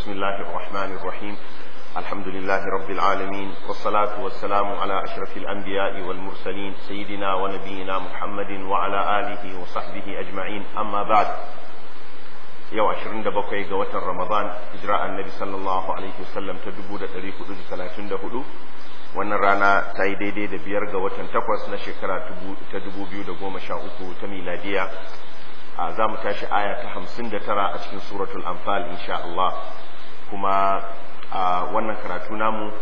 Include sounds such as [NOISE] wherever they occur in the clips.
بسم الله الرحمن الرحيم الحمد لله رب العالمين والصلاة والسلام على أشرف الأنبياء والمرسلين سيدنا ونبينا محمد وعلى آله وصحبه أجمعين أما بعد yau 27 ga watan Ramadan hijira annabi sallallahu alaihi wasallam ta 1434 wannan rana ta yi daidai da biyar ga watan takwas na shekara ta 2013 ta miladiya za mu tashi aya ta hamsin da tara a cikin suratul anfal insha Allah kuma wannan karatu namu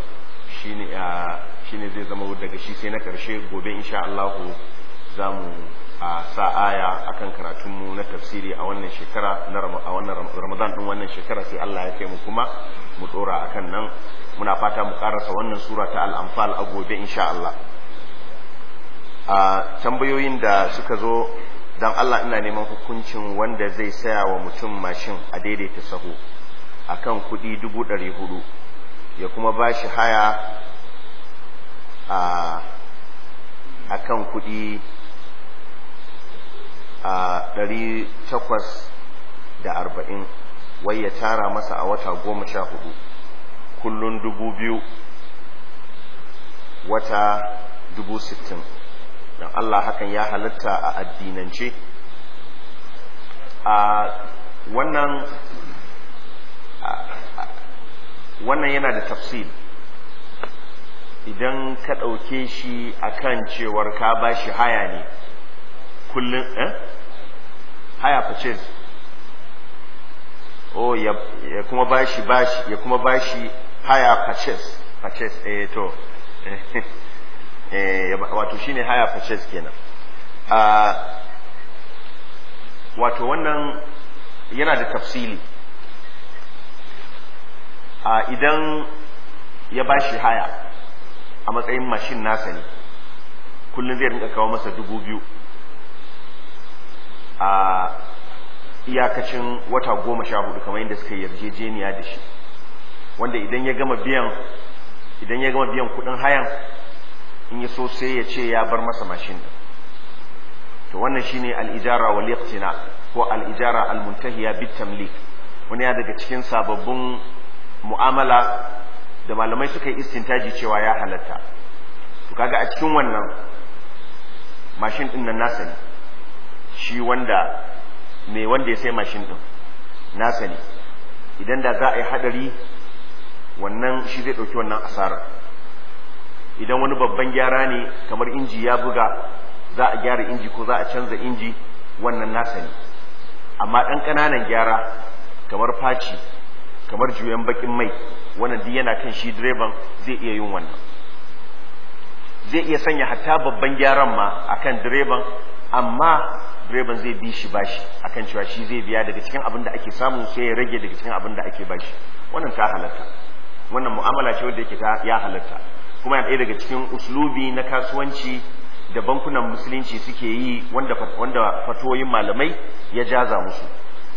shine zai zama daga shi sai na karshe gobe insha Allah za mu sa aya akan karatunmu na tafsiri a wannan shekara na a wannan Ramadan din wannan shekara sai Allah ya kai mu kuma mu a akan nan muna fata mu karasa wannan sura ta al-anfal a gobe insha Allah a tambayoyin da suka zo don Allah ina neman hukuncin wanda zai saya wa mutum mashin a daidaita sahu a kan kuɗi dubu ɗari hudu ya kuma ba shi haya a kan kuɗi a ɗari takwas da arba'in wai ya tara masa a wata goma sha hudu kullum dubu biyu wata dubu sittin don Allah hakan ya halatta a addinance a wannan wannan yana da tafsir idan ka ɗauke shi akan cewar ka ba shi haya ne kullum eh haya purchase oh ya, kuma ba shi ya kuma ba shi haya purchase purchase eh to eh, [LAUGHS] Eh, wato shine haya purchase kenan ah, wato wannan yana da tafsili ah, idan ya ba shi haya a matsayin mashin nasa ne kullum zai rinka kawo masa dubu biyu a ah, iyakacin wata goma sha hudu kamar inda suka yarjejeniya da shi wanda idan ya gama biyan idan ya gama biyan kudin hayan in ya so sai ya ce ya bar masa mashin da to wannan shi ne al’ijara wa ko alijara almuntahiya al-muntahiya wani ya daga cikin sababbin mu'amala da malamai suka yi istintaji cewa ya halatta to kaga a cikin wannan mashin din nan nasa ne shi wanda mai wanda ya sai mashin din nasa ne idan da za a yi haɗari wannan shi zai ɗauki wannan asarar idan wani babban gyara ne kamar inji ya buga za a gyara inji ko za a canza inji wannan nasa ne amma ɗan ƙananan gyara kamar faci kamar juyan bakin mai wannan duk yana kan shi direban zai iya yin wannan zai iya sanya hatta babban gyaran ma akan direban amma direban zai bi shi bashi akan cewa shi zai biya daga cikin abin da ake samu sai ya rage daga cikin abin da ake bashi wannan ta halatta wannan mu'amala ce wadda yake ta ya halatta kuma yana ɗaya daga cikin uslubi na kasuwanci da bankunan musulunci suke yi wanda wanda fatoyin malamai ya jaza musu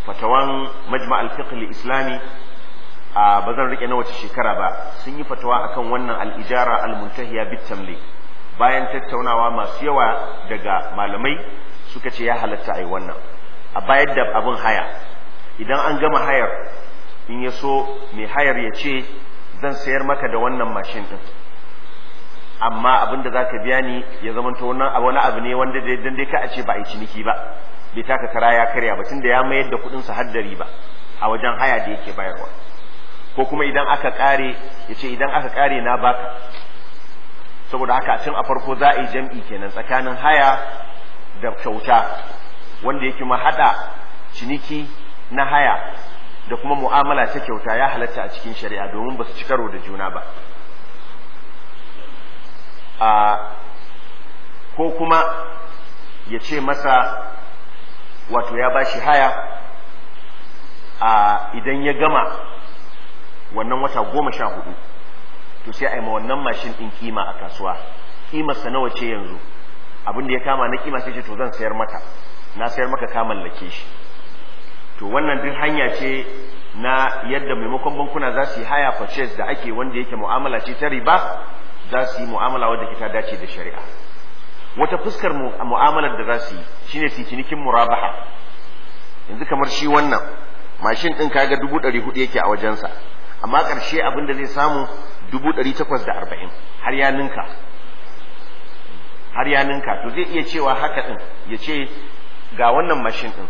fatawan majma' al islami a bazan rike na wace shekara ba sun yi fatawa akan wannan al'ijara almuntahiya al-muntahiya bit bayan tattaunawa masu yawa daga malamai suka ce ya halatta ai wannan a bayar da abin haya idan an gama hayar in ya so mai hayar ya ce zan sayar maka da wannan mashin din amma abin da za ka biya ni ya zamanto wani abu ne wanda dai dan dai ka a ce ba a yi ciniki ba bai taka kara ya karya ba tunda ya mayar da kuɗin sa haddari ba a wajen haya da yake bayarwa ko kuma idan aka kare ya ce idan aka kare na baka saboda haka a tun a farko za a yi jam'i kenan tsakanin haya da kyauta wanda yake ma haɗa ciniki na haya da kuma mu'amala ta kyauta ya halatta a cikin shari'a domin ba su ci karo da juna ba a ko kuma ya ce masa wato ya bashi haya a idan ya gama wannan wata goma sha hudu to sai a yi ma wannan mashin ɗin kima a kasuwa kimarsa nawa ce yanzu abin da ya kama na kima sai ce to zan sayar mata na sayar maka ka mallake shi to wannan duk hanya ce na yadda maimakon bankuna za su yi haya purchase da ake wanda yake mu'amala ce ta riba za su yi mu'amala wadda ke ta dace da shari'a wata fuskar mu'amalar da za su yi shine su cinikin murabaha yanzu kamar shi wannan mashin ɗin kaga dubu ɗari hudu yake a wajensa amma ƙarshe abin da zai samu dubu ɗari takwas da arba'in har ya ninka har ya ninka to zai iya cewa haka ɗin ya ce ga wannan mashin ɗin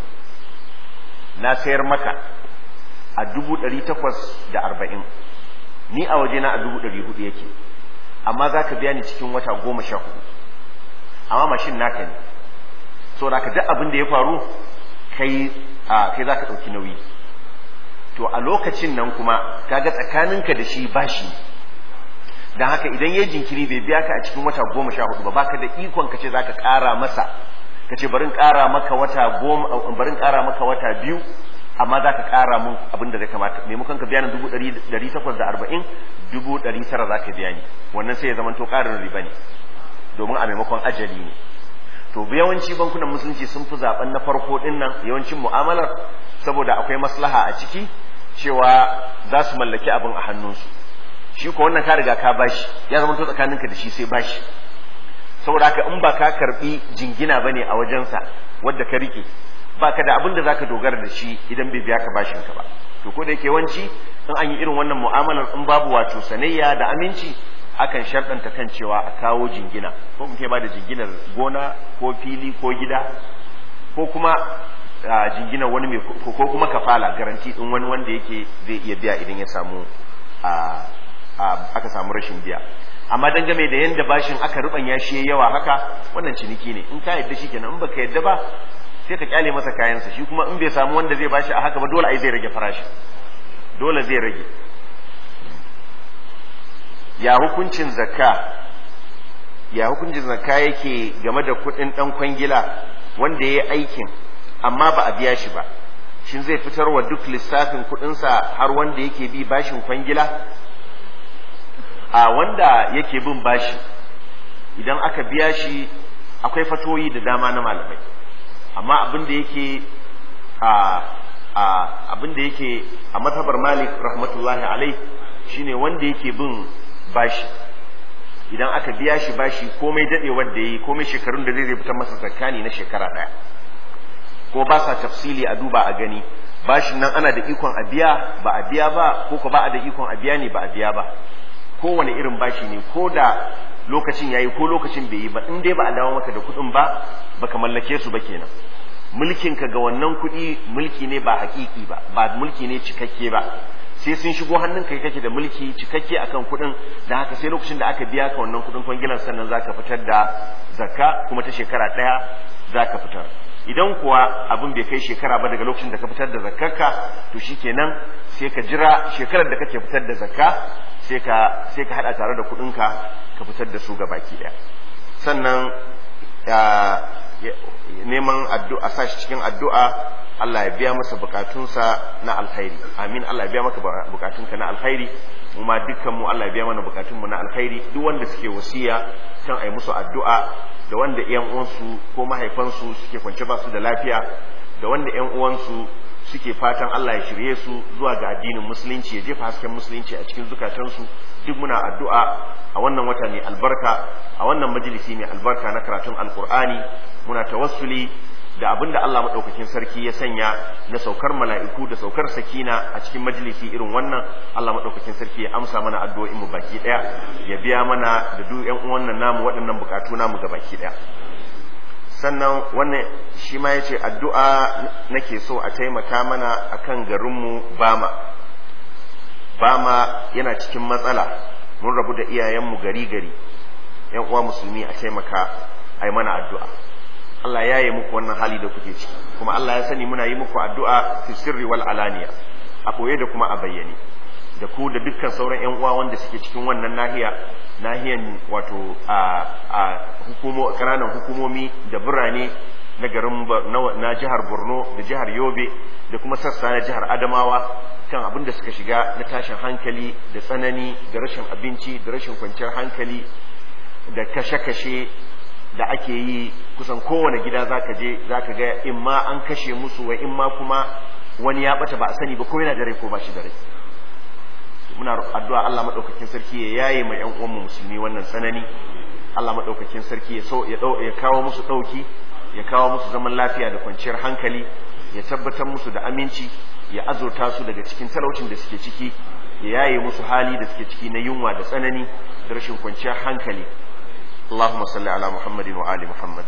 na sayar maka a dubu ɗari takwas da arba'in ni a wajena a dubu ɗari hudu yake amma za ka biya ni cikin wata goma sha hudu amma mashin naka ne so da ka duk abin da ya faru kai kai za ka ɗauki nauyi to a lokacin nan kuma ka ga tsakaninka da shi bashi don haka idan ya jinkiri bai biya ka a cikin wata goma sha hudu ba baka da ikon ka ce za ka ƙara masa ka ce barin ƙara maka wata goma barin ƙara maka wata biyu amma za ka ƙara mun abin da zai kamata maimakon ka biya ni dubu ɗari takwas da arba'in dubu ɗari tara za ka biya ni wannan sai ya zama to ƙarin riba ne domin a maimakon ajali ne to yawanci bankunan musulunci sun fi zaben na farko ɗin nan yawancin mu'amalar saboda akwai maslaha a ciki cewa za su mallaki abin a hannunsu shi ko wannan ka riga ka bashi ya zama to tsakaninka da shi sai bashi saboda haka in ba ka karbi jingina bane a wajensa wadda ka rike baka da abin da zaka dogara da shi idan bai biya ka bashin ka ba to ko da yake wanci in an yi irin wannan mu'amalar in babu wato sanayya da aminci akan sharɗanta kan cewa a kawo jingina ko mutum ba da jinginar gona ko fili ko gida ko kuma jinginar wani mai ko kuma kafala garanti din wani wanda yake zai iya biya idan ya samu aka samu rashin biya amma dan game da yadda bashin aka rubanya shi yawa haka wannan ciniki ne in ka yadda shi kenan in baka yadda ba sai ka kyale masa kayansa shi kuma in bai samu wanda zai bashi a haka ba dole ai zai rage farashi dole zai rage ya hukuncin zakka ya hukuncin zakka yake game da kuɗin ɗan kwangila wanda ya yi aikin amma ba a biya shi ba shin zai fitar wa duk lissafin kuɗinsa har wanda yake bi bashin kwangila a wanda yake bin bashi idan aka biya shi akwai fatoyi da dama na malamai amma abinda yake a abin yake a matabar malik rahmatullahi alai shine wanda yake bin bashi idan aka biya shi bashi komai dadewar da yi komai shekarun da zai zai fitar masa zakani na shekara ɗaya ko ba sa tafsili a duba a gani bashin nan ana da ikon a biya ba a biya ba ko ko ba a da ikon a biya ne ba a biya ba kowane irin bashi ne ko da lokacin yayi ko lokacin bai yi ba in dai ba a dawo maka da kuɗin ba baka mallake su ba kenan mulkin ka ga wannan kuɗi mulki ne ba hakiki ba ba mulki ne cikakke ba sai sun shigo hannun kai kake da mulki cikakke akan kuɗin da haka sai lokacin da aka biya ka wannan kuɗin kwangilan sannan zaka fitar da zakka kuma ta shekara daya zaka fitar idan kuwa abin bai kai shekara ba daga lokacin da ka fitar da zakkarka to shikenan sai ka jira shekarar da kake fitar da zakka sai ka sai ka hada tare da ka ka fitar da su ga baki ɗaya sannan neman addu'a sa cikin addu'a Allah ya biya masa bukatunsa na alkhairi amin Allah ya biya maka bukatunka na alkhairi mu dukkan mu Allah ya biya mana bukatun mu na alkhairi duk wanda suke wasiya kan ai musu addu'a da wanda ƴan uwansu ko mahaifansu suke kwance ba su da lafiya da wanda ƴan uwansu suke fatan Allah ya shirye su zuwa ga addinin musulunci ya jefa hasken musulunci a cikin zukatansu duk muna addu'a a wannan wata mai albarka a wannan majalisi mai albarka na karatun alkur'ani muna tawassuli da abin da Allah maɗaukakin sarki ya sanya na saukar mala'iku da saukar sakina a cikin majalisi irin wannan Allah maɗaukakin sarki ya amsa mana addu'o'in mu baki ɗaya ya biya mana da duk ‘yan uwan namu waɗannan bukatu namu ga baki ɗaya sannan wannan shi ma ya ce addu'a nake so a taimaka mana a kan garinmu bama bama yana cikin matsala mun rabu da iyayenmu gari-gari yan uwa musulmi a taimaka a yi mana addu'a Allah ya yi muku wannan hali da kuke ciki kuma Allah ya sani muna yi muku addu'a fi sirri wal alaniya a koye da kuma a bayyane da ku da dukkan sauran yan uwa wanda suke cikin wannan nahiya nahiyan wato a hukumo kananan hukumomi da birane na garin na jihar Borno da jihar Yobe da kuma sassa na jihar Adamawa kan abin da suka shiga na tashin hankali da tsanani da rashin abinci da rashin kwanciyar hankali da kashe-kashe da ake yi kusan kowane gida zaka je zaka ga imma an kashe musu wa imma kuma wani ya bata ba a sani ba ko yana da ko ba shi da rai muna addu'a Allah madaukakin sarki ya yaye mai yan uwan musulmi wannan sanani Allah madaukakin sarki ya so ya kawo musu dauki ya kawo musu zaman lafiya da kwanciyar hankali ya tabbatar musu da aminci ya azurta su daga cikin talaucin da suke ciki ya yaye musu hali da suke ciki na yunwa da tsanani da rashin kwanciyar hankali Allahumma salli ala Muhammadin wa ali Muhammad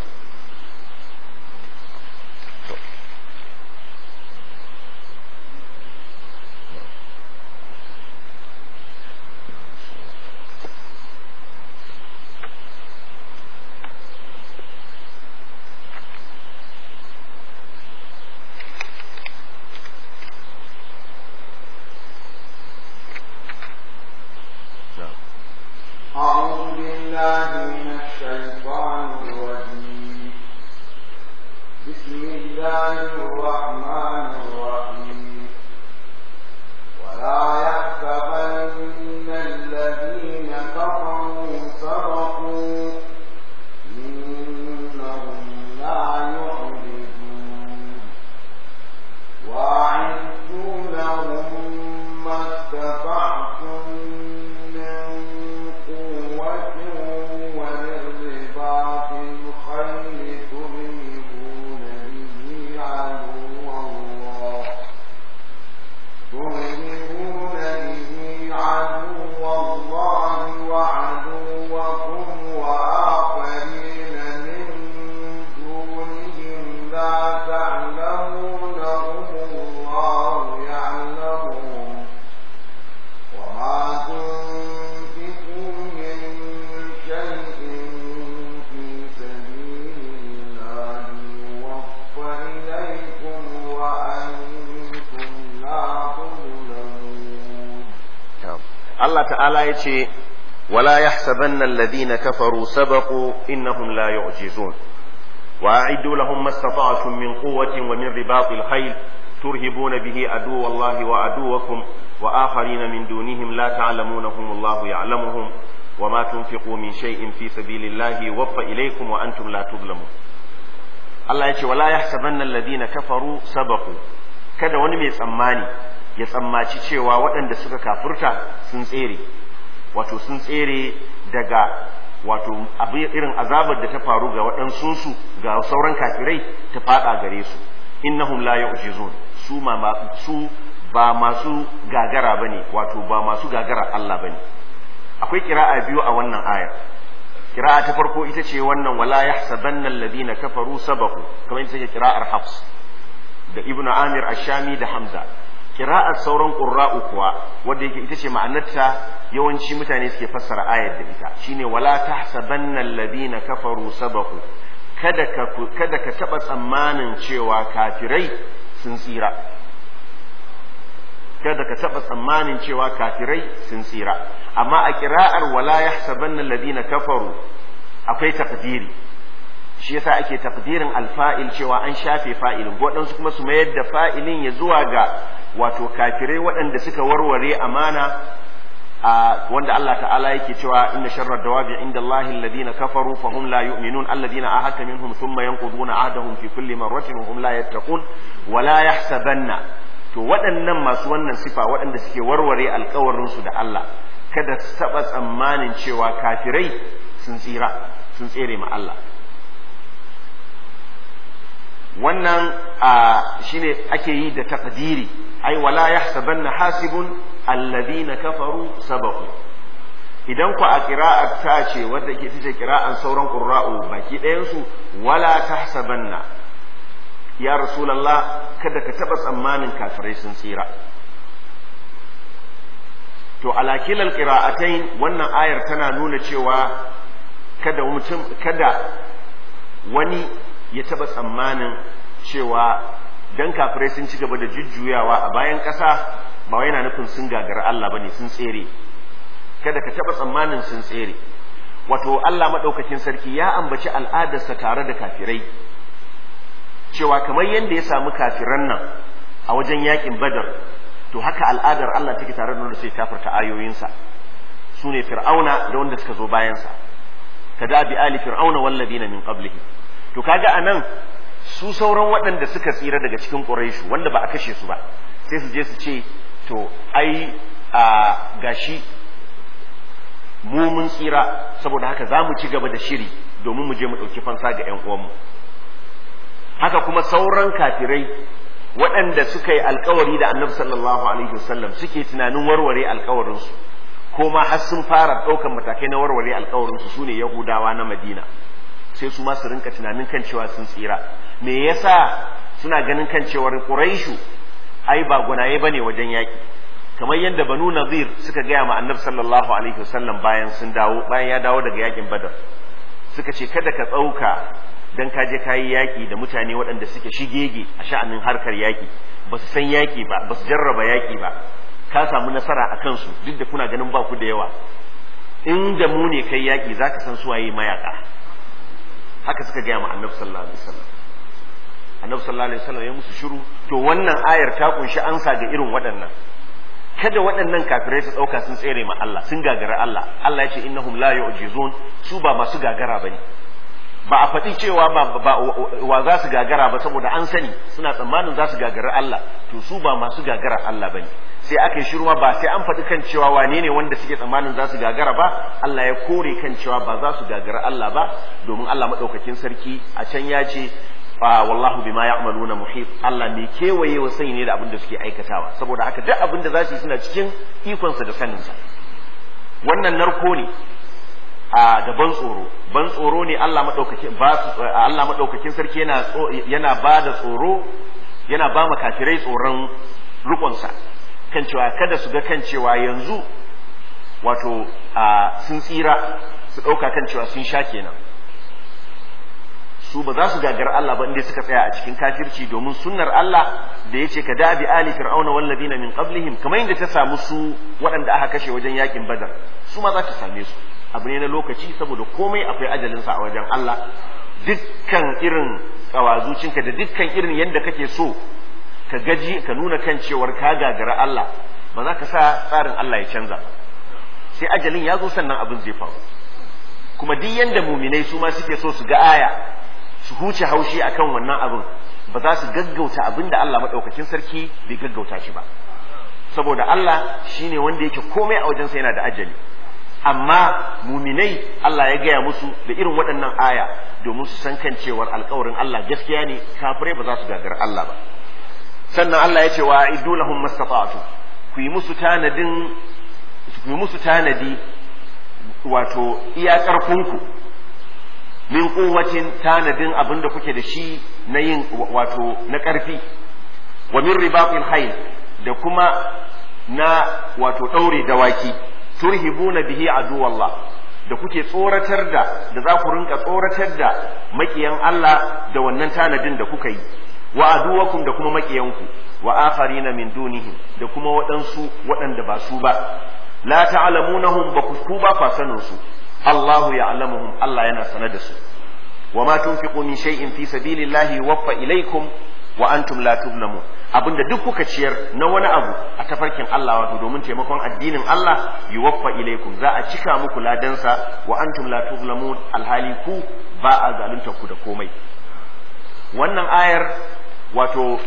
يحسبن الذين كفروا سبقوا إنهم لا يعجزون وأعدوا لهم ما استطعتم من قوة ومن رباط الخيل ترهبون به عدو الله وعدوكم وآخرين من دونهم لا تعلمونهم الله يعلمهم وما تنفقوا من شيء في سبيل الله يوفى إليكم وأنتم لا تظلمون Allah ya ce wala yahsabanna alladhina kafaru sabaqu kada wani mai tsammani ya tsammaci cewa waɗanda suka kafurta sun tsere wato sun tsere daga wato irin azabar da ta faru ga waɗansu ga sauran kafirai ta faɗa gare su innahum la yu'jizun su ma su ba masu gagara bane wato ba masu gagara Allah bane akwai kira'a biyu a wannan ayar kira'a ta farko ita ce wannan wala yahsabanna alladhina kafaru sabaqu kamar ita ce kira'ar Hafs da Ibn Amir Ash-Shami da Hamza kira'ar sauran qurra'u kuwa wanda yake ita ce ma'anarta yawanci mutane suke fassara ayar da ita shine wala tahsabanna alladhina kafaru sabaqu kada ka kada ka taba tsammanin cewa kafirai sun tsira kada ka taba tsammanin cewa kafirai sun tsira amma a kira'ar wala yahsabanna alladhina kafaru akwai takdiri shi yasa ake takdirin alfa'il cewa an shafe fa'ilin waɗansu kuma su mayar da fa'ilin ya zuwa ga wato kafirai waɗanda suka warware amana wanda Allah ta'ala yake cewa inna sharra dawabi inda Allah alladhina kafaru fa hum la yu'minun alladhina ahadta minhum thumma yanquduna ahdahum fi kulli marratin wa hum la yattaqun wa la yahsabanna to waɗannan masu wannan sifa waɗanda suke warware alƙawarinsu su da Allah kada su taɓa tsammanin cewa kafirai sun tsira sun tsere ma Allah wannan shi ne ake yi da takdiri ai wala yahsabanna hasibun ka kafaru sabaku idan ku a kira'ar ta ce wadda ke tace an sauran ƙura'u, baki ɗayansu wala wala tahsabanna ya rasulallah, kada ka taɓa tsammanin kafirai sun tsira to ala kilal wannan ayar tana nuna cewa kada wani ya taba tsammanin cewa dan kafirai sun ci gaba da jujjuyawa a bayan ƙasa ba wa yana nufin sun gagara Allah ne sun tsere kada ka taba tsammanin sun tsere wato Allah madaukakin sarki ya ambaci al'adarsa tare da kafirai cewa kamar yadda ya samu kafiran nan a wajen yakin badar to haka al'adar Allah take tare da wanda sai kafirta ayoyinsa su ne fir'auna da wanda suka zo bayansa ka da bi ali fir'auna wallazina min qablihi to kaga anan su sauran waɗanda suka tsira daga cikin quraishu wanda ba a kashe su ba sai su je su ce to ai a gashi mu mun tsira saboda haka za mu ci gaba da shiri domin mu je mu ɗauki fansa ga 'yan uwanmu haka kuma sauran kafirai waɗanda suka yi alkawari da annabi sallallahu alaihi wasallam suke tunanin warware alkawarinsu ko ma har sun fara ɗaukan matakai na warware alkawarinsu su ne yahudawa na madina sai su ma su rinka tunanin kan cewa sun tsira me yasa suna ganin kan cewar quraishu ai ba gwanaye bane wajen yaki kamar yadda banu nazir suka gaya ma annabi sallallahu alaihi wasallam bayan sun dawo bayan ya dawo daga yakin badar suka ce kada ka tsauka dan ka je kai yaki da mutane waɗanda suke shigege a sha'anin harkar yaki ba su san yaki ba ba su jarraba yaki ba ka samu nasara a kansu duk da kuna ganin ba ku da yawa in da mu ne kai yaki zaka san su waye mayaka haka suka gaya ma annabi sallallahu alaihi wasallam annabi sallallahu alaihi wasallam ya musu shiru to wannan ayar ta kunshi ansa ga irin waɗannan kada waɗannan kafirai su ɗauka sun tsere ma Allah sun gagara Allah Allah ya ce innahum la yu'jizun su ba masu gagara bane ba a faɗi cewa ba wa za su gagara ba saboda an sani suna tsammanin za su gagara Allah to su ba masu gagara Allah bane sai aka yi ma ba sai an faɗi kan cewa wane ne wanda suke tsammanin za su gagara ba Allah ya kore kan cewa ba za su gagara Allah ba domin Allah maɗaukakin sarki a can ya ce wallahu bima ya'maluna muhit Allah mai kewaye wa sani ne da abin da suke aikatawa saboda haka duk abin da za su yi suna cikin ikonsa da saninsa wannan narko ne da ban tsoro ban tsoro ne Allah madaukakin ba su Allah madaukakin sarki yana yana ba da tsoro yana ba ma kafirai tsoron rukunsa kan cewa kada su ga kan cewa yanzu wato sun tsira su ɗauka kan cewa sun sha kenan su ba za su gagar Allah ba inda suka tsaya a cikin kafirci domin sunnar Allah da ya ce ka da bi ali fir'auna wal ladina min qablihim kamar inda ta samu su waɗanda aka kashe wajen yakin badar su ma za ta same su abu ne na lokaci saboda komai akwai ajalinsa a wajen Allah dukkan irin kawazucinka da dukkan irin yadda kake so ka gaji ka nuna kan cewar ka gagara Allah ba za ka sa tsarin Allah ya canza sai ajalin ya zo sannan abin zai faru kuma duk yadda muminai su ma suke so su ga aya su huce haushi akan wannan abin ba za su gaggauta abin da Allah maɗaukakin sarki bai gaggauta shi ba saboda Allah shine wanda yake komai a wajensa yana da ajali amma muminai Allah ya gaya musu da irin waɗannan aya domin su san kan cewar alkawarin Allah gaskiya ne kafirai ba za su gagar Allah ba sannan Allah ya ce wa iddu lahum mastata'tu ku yi musu tanadin ku yi musu tanadi wato iya kunku min kuwatin tanadin abin da kuke da shi na yin wato na karfi wa min ribaqil hayl da kuma na wato daure dawaki turhibuna bihi aduwallah da kuke tsoratar da da za ku rinka tsoratar da makiyan Allah da wannan tanadin da kuka yi wa aduwakum da kuma makiyanku wa akharina min dunihim da kuma waɗansu waɗanda ba su ba la ta'lamunahum ba ku ba fa sanin su Allahu ya'lamuhum Allah yana sanar da su wa ma tunfiqu min shay'in fi sabilillahi yuwaffa ilaykum wa antum la tublamu abinda duk kuka ciyar na wani abu a tafarkin Allah wato domin taimakon addinin Allah yuwaffa ilaikum za a cika muku ladansa wa antum la tublamun alhali ku ba a zalunta ku da komai wannan ayar wato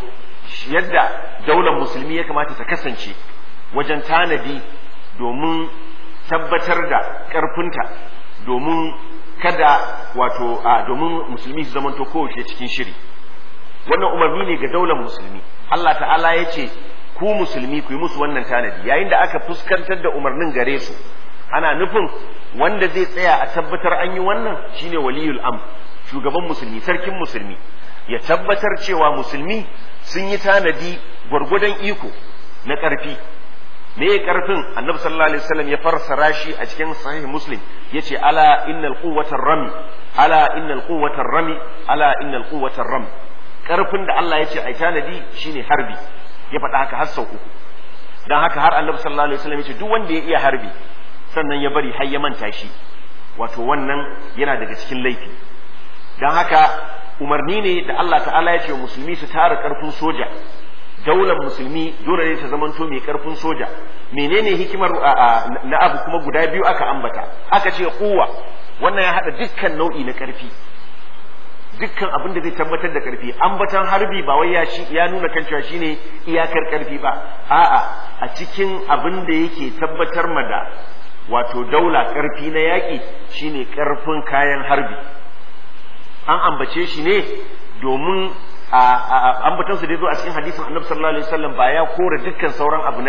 yadda daular musulmi ya kamata ta kasance wajen tanadi domin tabbatar da karfinta domin kada wato domin musulmi su zamanto kowace cikin shiri wannan umarni ne ga daular musulmi Allah ta'ala ya ce ku musulmi ku yi musu wannan tanadi yayin da aka fuskantar da umarnin gare su ana nufin wanda zai tsaya a tabbatar an yi wannan shine waliyul am shugaban musulmi sarkin musulmi ya tabbatar cewa musulmi sun yi tanadi gwargwadon iko na ƙarfi me ya ƙarfin annabi sallallahu alaihi wasallam ya farsara shi a cikin sahih muslim yace ala innal quwwatar rami ala innal quwwatar rami ala innal quwwatar rami karfin da Allah ya ce ai tanadi shine harbi ya faɗa haka har sau uku dan haka har Annabi sallallahu alaihi wasallam ya ce duk wanda ya iya harbi sannan ya bari har ya manta shi wato wannan yana daga cikin laifi dan haka umarni ne da Allah ta'ala ya ce musulmi su tara karfin soja daular musulmi dole ne ta zamanto mai karfin soja menene hikimar na abu kuma guda biyu aka ambata aka ce kuwa wannan ya haɗa dukkan nau'i na karfi dukkan abin da zai tabbatar da karfi batan harbi ba wai ya nuna kan cewa shine iyakar karfi ba a'a a cikin abin da yake tabbatar ma da wato daula karfi na yaki shine karfin kayan harbi an ambace shi ne domin a ambatan su da zo a cikin hadisin annabi sallallahu alaihi wasallam ba ya kore dukkan sauran abu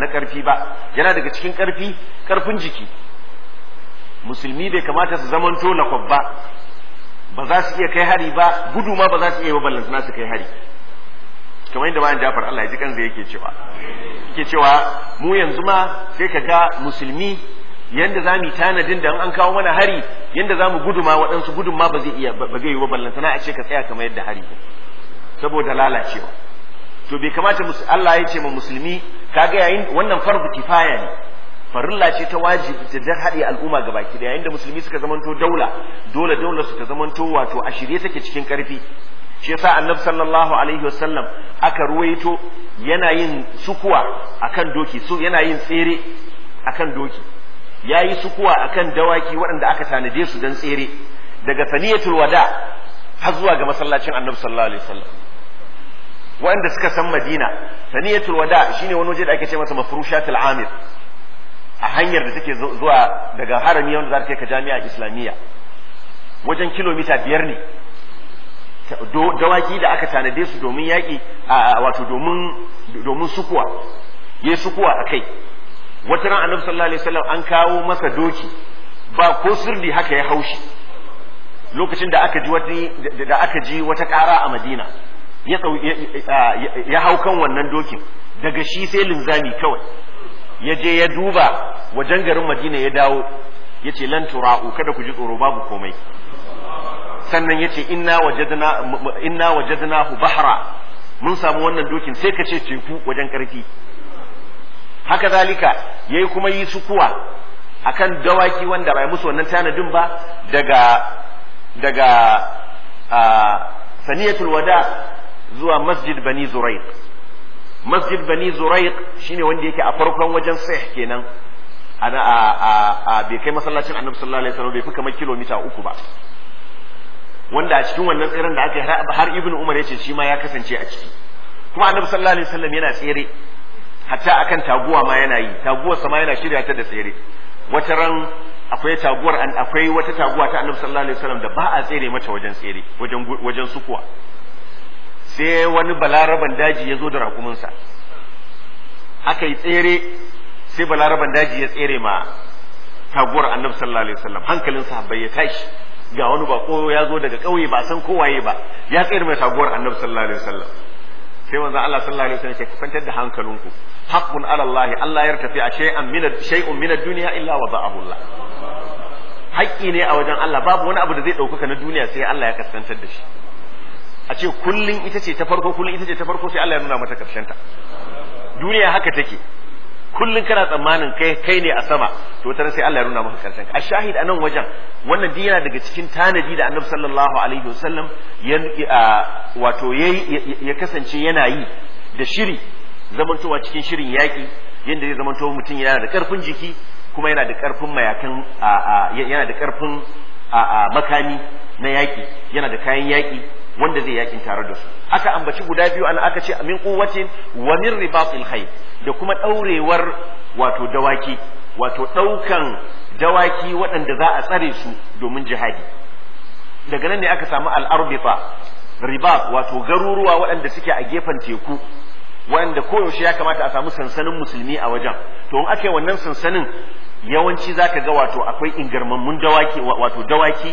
na karfi ba yana daga cikin karfi karfin jiki musulmi bai kamata su zamanto lakwabba ba za su iya kai hari ba gudu ma ba za su iya yi ballan suna su kai hari kamar yadda bayan jafar Allah ya ji kanzu yake cewa yake cewa mu yanzu ma sai ka ga musulmi yadda za mu tanadin da an kawo mana hari Yadda za mu gudu ma waɗansu gudun ma ba zai iya yi wa ballan a ce ka tsaya kamar yadda hari saboda lalacewa to bai kamata Allah ya ce ma musulmi ka ga yayin wannan fardu kifaya ne farilla ce ta wajibi da dan haɗe al'umma gabaki da yayin da musulmi suka zamanto daula dole daula su ta zamanto wato a shirye take cikin ƙarfi shi yasa annabi sallallahu alaihi wasallam aka ruwaito yana yin sukuwa akan doki su yana yin tsere akan doki yayi sukuwa akan dawaki waɗanda aka tanade su dan tsere daga saniyatul wada har zuwa ga masallacin annabi sallallahu alaihi wasallam waɗanda suka san madina saniyatul wada shine wani waje da ake ce masa mafrushatul amir a hanyar da take zuwa daga harami wanda za ta kai ka jami'a islamiyya wajen kilomita biyar ne dawaki da aka tanade su domin yaƙi wato domin sukuwa ya yi sukuwa a kai wata ran annabi sallallahu alaihi wasallam an kawo masa doki ba ko sirri haka ya haushi lokacin da aka ji wata da aka ji wata ƙara a Madina ya hau kan wannan dokin daga shi sai linzami kawai ya je ya duba wajen garin madina ya dawo ya ce lan kada ku ji tsoro babu komai sannan ya ce inna wajadna hu bahra mun samu wannan dokin sai ka ce teku wajen karfi haka zalika ya yi kuma yi sukuwa kan dawaki wanda bai musu wannan tanadin ba daga daga saniyatul wada zuwa masjid bani zuraiq masjid bani zuraiq shine wanda yake a farkon wajen sai kenan ana a bai kai masallacin annabi sallallahu alaihi wasallam bai fi kamar kilomita uku ba wanda a cikin wannan tseren da aka yi har ibnu umar yace shi ma ya kasance a ciki kuma annabi sallallahu alaihi wasallam yana tsere hatta akan taguwa ma yana yi taguwar sa ma yana shirya ta da tsere wata ran akwai taguwar akwai wata taguwa ta annabi sallallahu alaihi wasallam da ba a tsere mata wajen tsere wajen wajen sukuwa sai wani balaraban daji ya zo da rakuminsa aka yi tsere sai balaraban daji ya tsere ma taguwar annabi sallallahu alaihi wasallam hankalin sahabbai ya tashi ga wani bako ya zo daga ƙauye ba san kowaye ba ya tsere mai taguwar annabi sallallahu alaihi wasallam sai manzon Allah sallallahu alaihi wasallam ya kwantar da hankalinku haqqun ala Allah Allah ya rtafi a shay'an min shay'un min ad-dunya illa ba'ahu Allah haƙƙi ne a wajen Allah babu wani abu da zai ɗaukaka na duniya sai Allah ya kaskantar da shi a ce kullun ita ce ta farko kullun ita ce ta farko sai Allah ya nuna mata karshen ta duniya haka take kullun kana tsammanin kai kai ne a sama to wata sai Allah ya nuna maka karshen a shahid anan wajen wannan din yana daga cikin tanadi da Annabi sallallahu alaihi wasallam ya wato ya kasance yana yi da shiri zamantowa cikin shirin yaki yadda zai zamanto mutum yana da karfin jiki kuma yana da karfin mayakan yana da karfin makami na yaki yana da kayan yaki wanda zai yakin tare da su aka ambaci guda biyu an aka ce min quwwatin wa min ribatil khayl da kuma daurewar wato dawaki wato daukan dawaki waɗanda za a tsare su domin jihadi daga nan ne aka samu al-arbita ribat wato garuruwa waɗanda suke a gefen teku wanda koyaushe ya kamata a samu sansanin musulmi a wajen to in aka yi wannan sansanin yawanci zaka ga wato akwai ingarmammun dawaki wato dawaki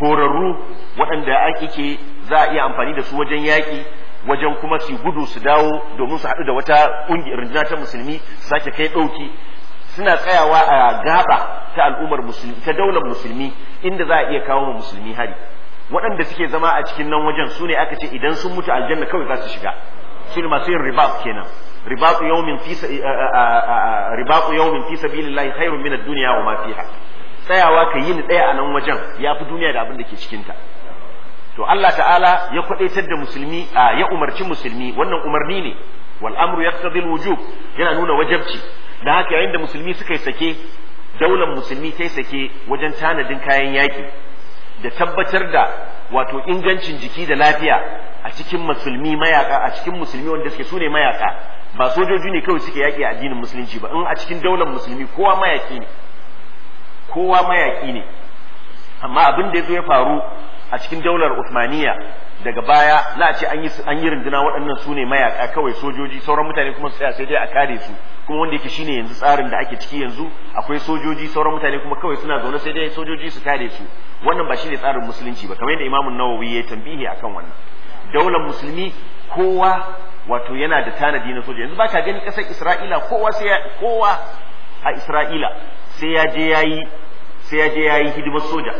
horarru waɗanda ake za a iya amfani da su wajen yaƙi wajen kuma su gudu su dawo domin su haɗu da wata rundunar ta musulmi su sake kai ɗauki suna tsayawa a gaba ta al'ummar musulmi ta daular musulmi inda za a iya kawo musulmi hari waɗanda suke zama a cikin nan wajen su ne aka ce idan sun mutu aljanna kawai za su shiga su ne masu yin ribab kenan ribab fi eh, eh, eh, ribab yawmin fi sabilillahi khairun min ad-dunya wa ma fiha tsayawa ka yi ni ɗaya a nan wajen ya fi duniya da abin da ke cikinta to Allah ta'ala ya kwadaitar da musulmi a ya umarci musulmi wannan umarni ne wal amru yaqtadi al wujub yana nuna wajabci da haka yayin da musulmi suka sake daular musulmi ta yi sake wajen tanadin kayan yaki da tabbatar da wato ingancin jiki da lafiya a cikin musulmi mayaka a cikin musulmi wanda suke sune mayaka ba sojoji ne kawai suke yaki a addinin musulunci ba in a cikin daular musulmi kowa mayaki ne kowa mayaki ne amma abin da ya zo ya faru a cikin daular Usmaniya daga baya na ce an yi an yi waɗannan su ne mayaka kawai sojoji sauran mutane kuma su tsaya sai dai a kare su kuma wanda yake shine yanzu tsarin da ake ciki yanzu akwai sojoji sauran mutane kuma kawai suna zaune sai dai sojoji su kare su wannan ba shine tsarin musulunci ba kamar yadda Imam Nawawi ya tambihi akan wannan daular musulmi kowa wato yana da tanadi na soja yanzu baka gani kasar Isra'ila kowa sai kowa a Isra'ila sai ya je yayi sai ya je yayi hidimar soja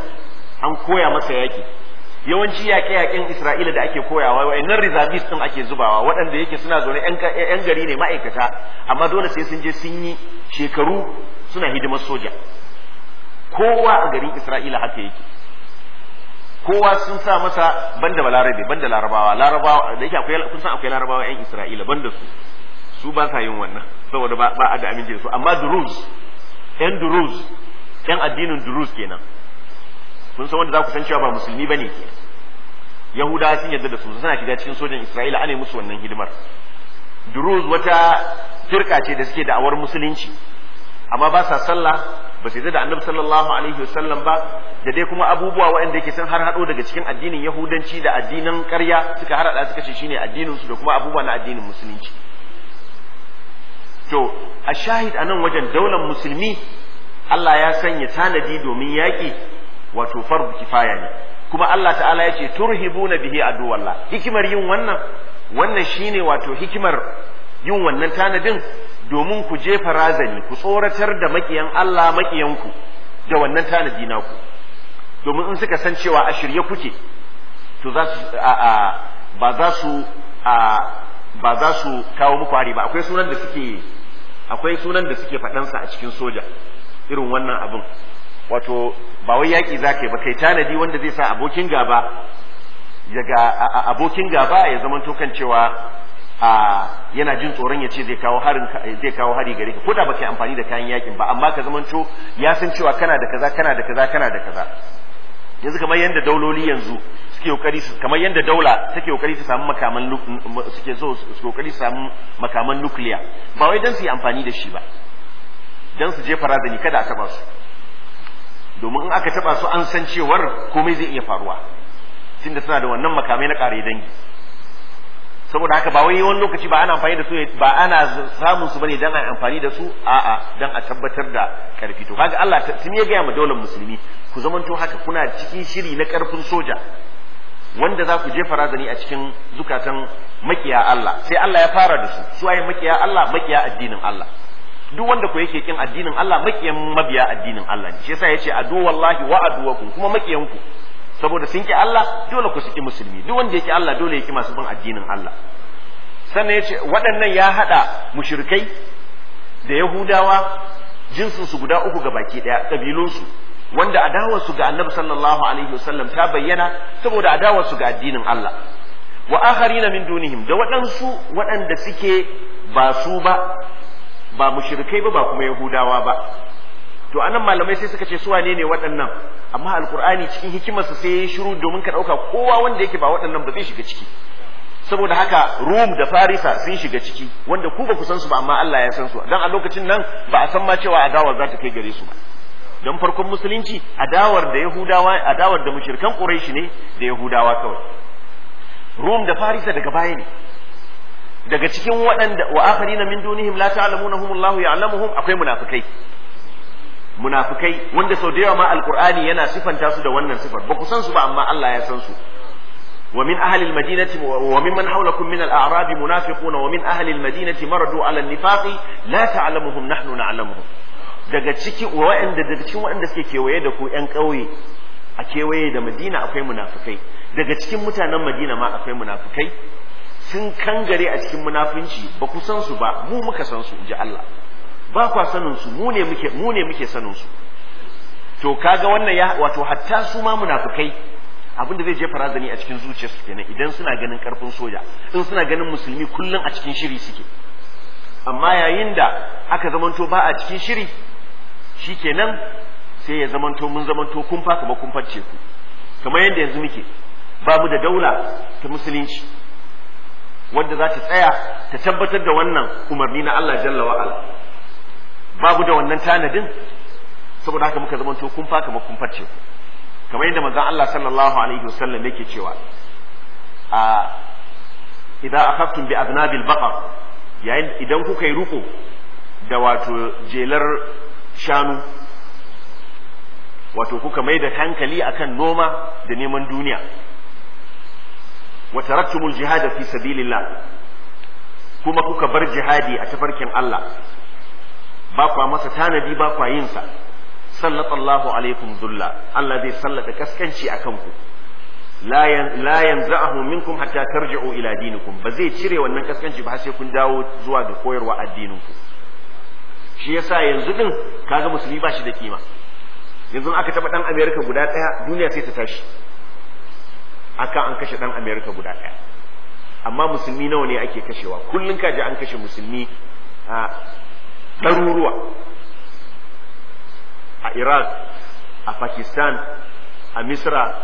an koya masa yaki yawanci yaƙe-yaƙen Isra'ila da ake koyawa wa'annan reservist din ake zubawa waɗanda yake suna zaune yan gari ne ma'aikata amma dole sai sun je sun yi shekaru suna hidimar soja kowa a garin Isra'ila haka yake kowa sun sa masa banda balarabe banda larabawa larabawa da yake akwai kun san akwai larabawa yan Isra'ila banda su su ba sa yin wannan saboda ba a da amince su amma rules. yan duruz yan addinin duruz kenan kun san wanda za ku san cewa ba musulmi bane yahudawa sun yarda da su suna shiga cikin sojan isra'ila ana musu wannan hidimar duruz wata firka ce da suke da awar musulunci amma ba sa sallah ba su da annabi sallallahu alaihi wasallam ba da dai kuma abubuwa waɗanda yake sun har hado daga cikin addinin yahudanci da addinin ƙarya suka harada suka ce shine addinin su da kuma abubuwa na addinin musulunci to a shahid a nan wajen daular musulmi Allah ya sanya tanadi domin yaƙi wato farbu kifaya ne kuma Allah ta'ala ya ce turhibuna bihi Allah. hikimar yin wannan wannan shine wato hikimar yin wannan tanadin domin ku jefa razani ku tsoratar da makiyan Allah ku da wannan tanadi naku domin in suka san cewa a shirye kuke to za su ba za su ba za su kawo muku hari ba akwai sunan da suke akwai sunan da suke faɗansa a cikin soja irin wannan abin wato ba wai yaƙi za ka yi ba kai tanadi wanda zai sa abokin gaba ya ga abokin gaba ya zama kan cewa a yana jin tsoron ya ce zai kawo harin zai kawo hari gare ka koda baka amfani da kayan yakin ba amma ka zamanto ya san cewa kana da kaza kana da kaza kana da kaza yanzu kamar yadda dauloli yanzu suke kokari kamar yadda daula take kokari su samu makaman suke so su kokari su samu makaman nuclear. ba wai dan su yi amfani da shi ba dan su jefa razani kada a taba su domin in aka taba su an san cewar komai zai iya faruwa tunda suna da wannan makamai na kare dangi saboda haka ba wai wani lokaci ba ana amfani da su ba ana samun su bane dan a amfani da su a'a dan a tabbatar da karfi to kaga Allah tun ya gaya ma daular musulmi ku zamanto haka kuna cikin shiri na karfin soja wanda za ku je farazani a cikin zukatan makiya Allah sai Allah ya fara da su su ayi makiya Allah makiya addinin Allah duk wanda ku yake kin addinin Allah makiyan mabiya addinin Allah shi yasa yace adu wallahi wa aduwakum kuma makiyan ku saboda sun ki Allah dole ku suki musulmi duk wanda yake Allah dole yake masu bin addinin Allah sannan yace waɗannan ya hada mushrikai da yahudawa jinsin su guda uku ga baki daya kabilun su wanda adawar su ga annabi sallallahu alaihi wasallam ta bayyana saboda adawar su ga addinin Allah wa akharina min dunihim da waɗansu waɗanda suke ba su ba ba mushrikai ba ba kuma yahudawa ba to anan malamai sai suka ce su wane ne waɗannan amma alkur'ani cikin hikimarsa sai yayi shiru domin ka ɗauka kowa wanda yake ba waɗannan ba zai shiga ciki saboda haka Rum da Farisa sun shiga ciki wanda ku ba ku san su ba amma Allah ya san su dan a lokacin nan ba a san ma cewa adawa za ta kai gare su ba don farkon musulunci adawar da Yahudawa adawar da mushrikan Quraish ne da Yahudawa kawai Rum da Farisa daga baya ne daga cikin waɗanda wa akharina min dunihim la ta'lamunahum Allahu ya'lamuhum akwai munafikai munafikai wanda sau da yawa ma alkurani yana sifanta su da wannan sifar ba ku san su ba amma Allah ya san su wa min ahli almadinati wa mimman hawlakum min al-a'rab munafiquna wa min ahli almadinati maradu ala an-nifaqi la ta'lamuhum nahnu na'lamuhum daga ciki wa'anda daga cikin wa'anda suke kewaye da ku yan ƙauye a kewaye da Madina akwai munafikai daga cikin mutanen Madina ma akwai munafikai sun kangare a cikin munafunci ba ku san su ba mu muka san su inji Allah ba kwa sanin su mu ne muke mu ne muke sanin su to kaga wannan ya wato hatta su ma munafikai abin da zai jefa razani a cikin zuciyarsu kenan idan suna ganin karfin soja in suna ganin musulmi kullum a cikin shiri suke amma yayin da aka zamanto ba a cikin shiri shikenan sai ya zamanto mun zamanto kumfa kun kumfar ku. kamar yadda yanzu muke babu da daula ta musulunci wadda za ta tsaya ta tabbatar da wannan umarni na Allah jalla wa'ala babu da wannan tanadin saboda haka muka zamanto kun fa kamar kun farce ku kamar yadda manzon Allah sallallahu alaihi wasallam yake cewa a idan akhaftum bi aznabil baqar yayin idan kuka yi ruko da wato jelar shanu wato kuka mai da hankali akan noma da neman duniya wa taraktumul jihada fi sabilillah kuma kuka bar jihadi a tafarkin Allah ba kwa masa tanadi ba kwa yin sa sallallahu alaikum zulla Allah zai sallata kaskanci akan ku la yanza'ahu minkum hatta tarji'u ila dinikum ba zai cire wannan kaskanci ba sai kun dawo zuwa ga koyarwa addinin ku shi yasa yanzu din kaga musulmi ba shi da kima yanzu aka taba dan America guda daya duniya sai ta tashi aka an kashe dan America guda daya amma musulmi nawa ne ake kashewa kullun kaji an kashe musulmi a ɗaruruwa a iraq a pakistan a misra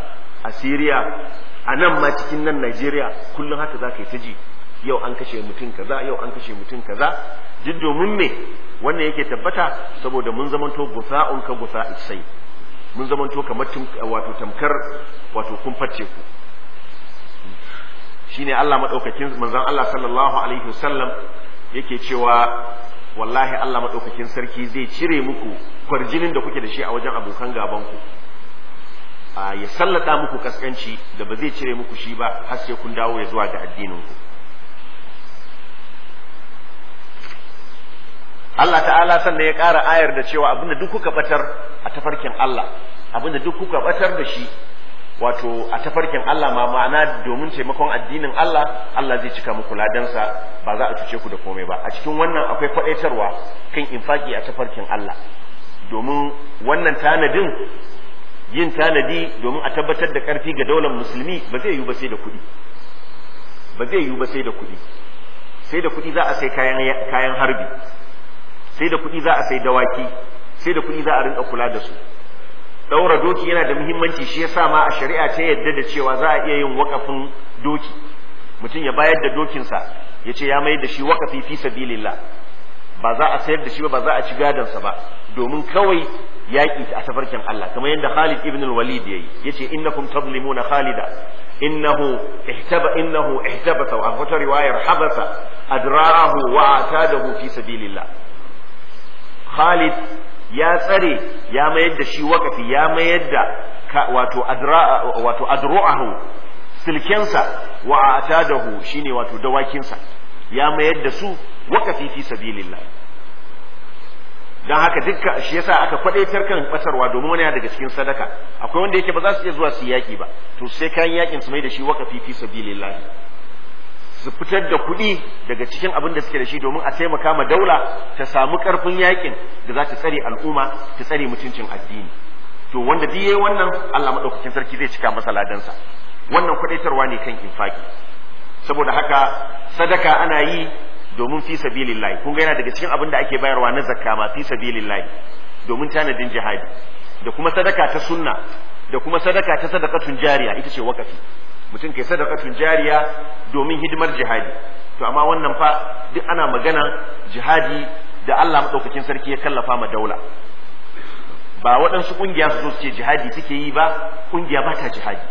a syria a nan ma cikin nan najeriya kullum haka za ka yi ta ji yau an kashe mutum kaza yau an kashe mutum kaza duk domin me wannan yake tabbata saboda mun zamanto gusa'un ka gusa sai mun zamanto kamar wato tamkar wato kun ku shine Allah madaukakin manzon Allah sallallahu alaihi wasallam yake cewa wallahi Allah maɗaukakin sarki zai cire muku kwarjinin da kuke da shi a wajen abokan gabanku a ya sallada muku kaskanci da ba zai cire muku shi ba har sai kun dawo ya zuwa ga addininku Allah ta'ala sannan ya ƙara ayar da cewa abinda duk kuka batar a tafarkin Allah abinda duk kuka batar da shi wato a tafarkin Allah ma ma'ana domin taimakon addinin Allah Allah zai cika muku ladansa ba za a cuce ku da komai ba a cikin wannan akwai faɗaitarwa kan infaki a tafarkin Allah domin wannan tanadin yin tanadi domin a tabbatar da ƙarfi ga daular musulmi ba zai yiwu ba sai da kuɗi ba zai yiwu ba sai da kuɗi sai da kuɗi za a sai kayan kayan harbi sai da kuɗi za a sai dawaki sai da kuɗi za a rinka kula da su daura doki yana da muhimmanci shi yasa ma a shari'a ta yadda da cewa za a iya yin wakafin doki mutum ya bayar da dokinsa ya ce ya mai da shi wakafi fi sabilillah ba za a sayar da shi ba ba za a ci gadansa ba domin kawai yaƙi a tafarkin Allah kamar yadda Khalid ibn al-Walid yayi yace innakum tadlimuna Khalida innahu ihtaba innahu ihtabasa wa wata riwayar habasa adra'ahu wa atadahu fi sabilillah Khalid ya tsare ya mayar da shi wakafi ya mayar da wato adra wato adru'ahu silkensa wa atadahu shine wato dawakinsa ya mayar da su wakafi fi sabilillah dan haka dukkan shi yasa aka kwadaitar kan kasarwa domin wani daga cikin sadaka akwai wanda yake ba za su iya zuwa su yaki ba to sai kayan yakin su mai da shi wakafi fi sabilillah su fitar da kuɗi daga cikin abin da suke da shi domin a taimaka ma daula ta samu ƙarfin yakin da za ta tsare al'umma ta tsare mutuncin addini to wanda duk yayi wannan Allah madaukakin sarki zai cika masa ladansa wannan kuɗaitarwa ne kan infaki saboda haka sadaka ana yi domin fi sabilillahi kun ga yana daga cikin abin da ake bayarwa na zakka ma fi sabilillahi domin tanadin jihadi da kuma sadaka ta sunna da kuma sadaka ta sadakatun jariya ita ce wakafi mutum kai tun jariya domin hidimar jihadi to amma wannan fa duk ana magana jihadi da Allah madaukakin sarki ya kallafa ma daula ba waɗansu ƙungiya su zo su ce jihadi suke yi ba ƙungiya ba ta jihadi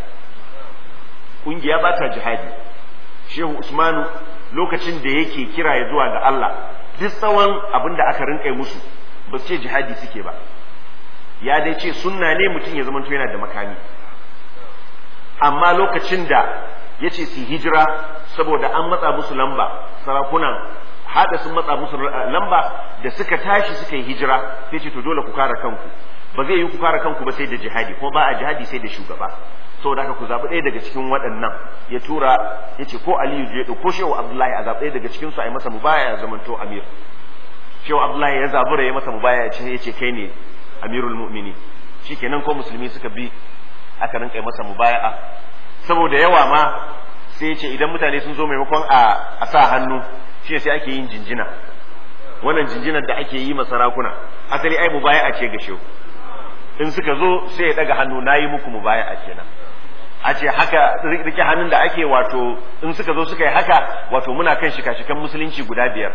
ƙungiya ba ta jihadi shehu usmanu lokacin da yake kira ya zuwa ga Allah duk tsawon abin da aka rinƙai musu ba su ce jihadi suke ba ya dai ce sunna ne mutum ya zama yana da makami amma lokacin da ya ce su hijira saboda an matsa musu lamba sarakunan haɗa sun matsa musu lamba da suka tashi suka yi hijira sai ce to dole ku kare kanku ba zai yi ku kare kanku ba sai da jihadi ko ba a jihadi sai da shugaba saboda haka ku zaɓi ɗaya daga cikin waɗannan ya tura ya ce ko aliyu je ko shehu abdullahi a zaɓi ɗaya daga cikin su a yi masa mubaya ya zamanto amir shehu abdullahi ya zaɓi ya masa mubaya ya ce kai ne amirul mu'mini kenan ko musulmi suka bi aka rinka masa mubaya'a saboda yawa ma sai ce idan mutane sun zo maimakon a sa hannu shi sai ake yin jinjina wannan jinjinar da ake yi rakuna asali ai mubaya'a ce ga shehu in suka zo sai ya daga hannu nayi muku mubaya'a kenan a ce haka rike hannun da ake wato in suka zo suka yi haka wato muna kan shika-shikan musulunci guda biyar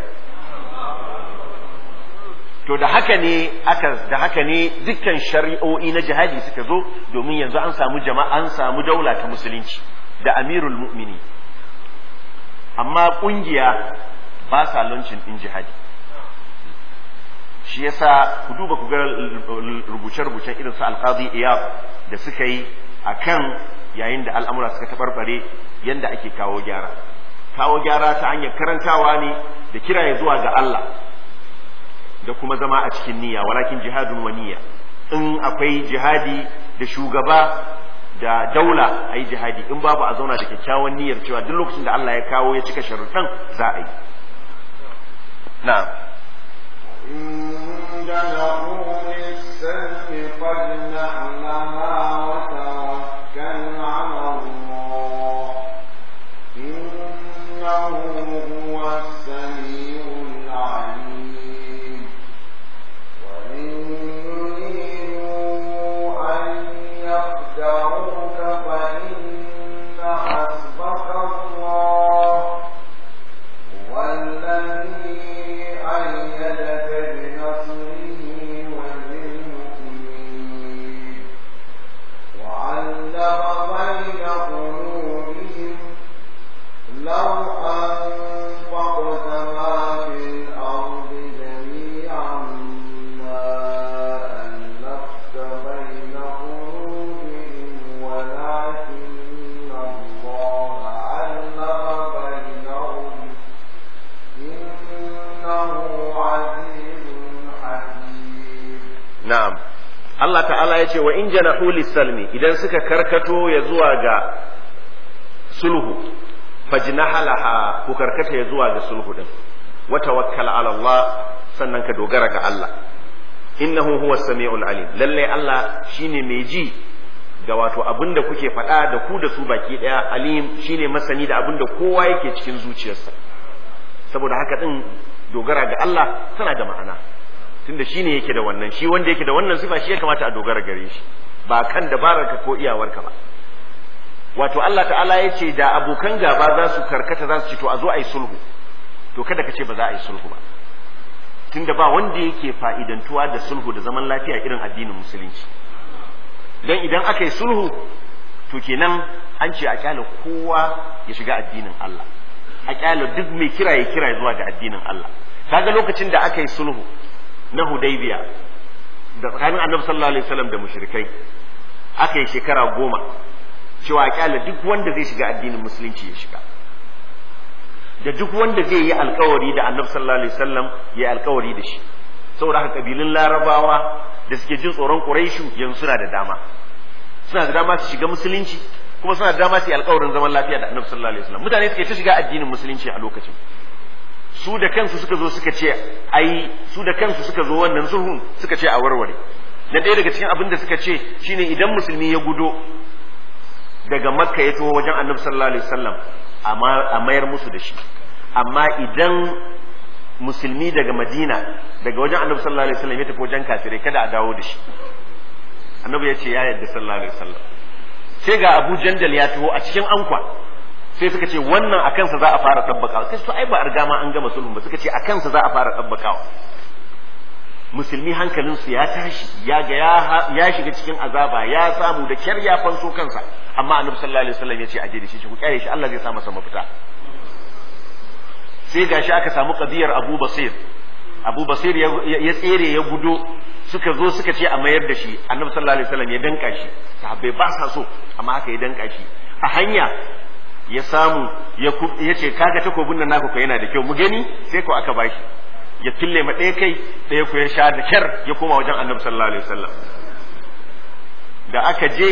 to da haka ne aka da haka ne dukkan shari'o'i na jihadi suka zo domin yanzu an samu jama'a an samu daula ta musulunci da amirul mu'mini amma ƙungiya ba sa lancin din jihadi shi yasa ku duba ku ga rubuce-rubucen irin su alqazi iyaf da suka yi a kan yayin da al'amura suka taɓarɓare yadda ake kawo gyara kawo gyara ta hanyar karantawa ne da kiraye zuwa ga Allah da kuma zama a cikin niyya walakin jihadun wa niyya in akwai jihadi da shugaba da daula a yi jihadi in babu a zauna da kyakkyawan niyyar cewa duk lokacin da Allah ya kawo ya cika sharuɗan za a yi na إنه هو السميع janahu Salmi idan suka karkato ya zuwa ga sulhu halaha ku karkata ya zuwa ga sulhu din wa tawakkal ala Allah sannan ka dogara ga Allah innahu huwa samiul alim lalle Allah shine mai ji ga wato abinda kuke faɗa da ku da su baki ɗaya alim shine masani da abinda kowa yake cikin zuciyarsa saboda haka din dogara ga Allah tana da ma'ana tunda shine yake da wannan shi wanda yake da wannan sifa shi ya kamata a dogara gare shi ba kan dabarar ka ko iyawarka ba wato Allah ta'ala ya ce da abokan gaba za su karkata za su ci to a zo a yi sulhu to kada ka ce ba za a yi sulhu ba tunda ba wanda yake fa'idantuwa da sulhu da zaman lafiya irin addinin musulunci don idan aka yi sulhu to kenan an ce a kyala kowa ya shiga addinin Allah a kyala duk mai kira ya kira zuwa ga addinin Allah kaga lokacin da aka yi sulhu na hudaybiya da tsakanin annabi sallallahu alaihi wasallam da mushrikai aka yi shekara goma cewa kyala duk wanda zai shiga addinin musulunci ya shiga da duk wanda zai yi alkawari da annabi sallallahu alaihi wasallam ya alkawari da shi saboda haka kabilun larabawa da suke jin tsoron quraishu yanzu suna da dama suna da dama su shiga musulunci kuma suna da dama su yi alkawarin zaman lafiya da annabi sallallahu alaihi wasallam mutane suke ta shiga addinin musulunci a lokacin su da kansu suka zo suka ce ai su da kansu suka zo wannan zuhun suka ce a warware na ɗaya daga cikin abin da suka ce shine idan musulmi ya gudo daga makka ya taho wajen annabi sallallahu alaihi wasallam a mayar musu da shi amma idan musulmi daga madina daga wajen annabi sallallahu alaihi wasallam ya tafi wajen kafirai kada a dawo da shi annabi ya ce ya yadda sallallahu alaihi wasallam sai ga abu jandal ya taho a cikin ankwa sai suka ce wannan a kansa za a fara tabbakawa sai su ai ba a riga ma an gama sulhun ba suka ce a kansa za a fara tabbakawa musulmi hankalinsu ya tashi ya ga ya shiga cikin azaba ya samu da kyar ya fanso kansa amma annabi sallallahu alaihi wasallam ya ce a je da shi ku kyare shi Allah zai sa masa mafita sai gashi aka samu qadiyar Abu Basir Abu Basir ya tsere ya gudo suka zo suka ce a mayar da shi annabi sallallahu alaihi wasallam ya danka shi sahabbai ba sa so amma haka ya danka shi a hanya ya samu ya ce kaga takobin nan naka ko yana da kyau mu gani sai ko aka bashi ya fille ma ɗaya kai ɗaya ko ya sha da kyar ya koma wajen annabi sallallahu alaihi wasallam da aka je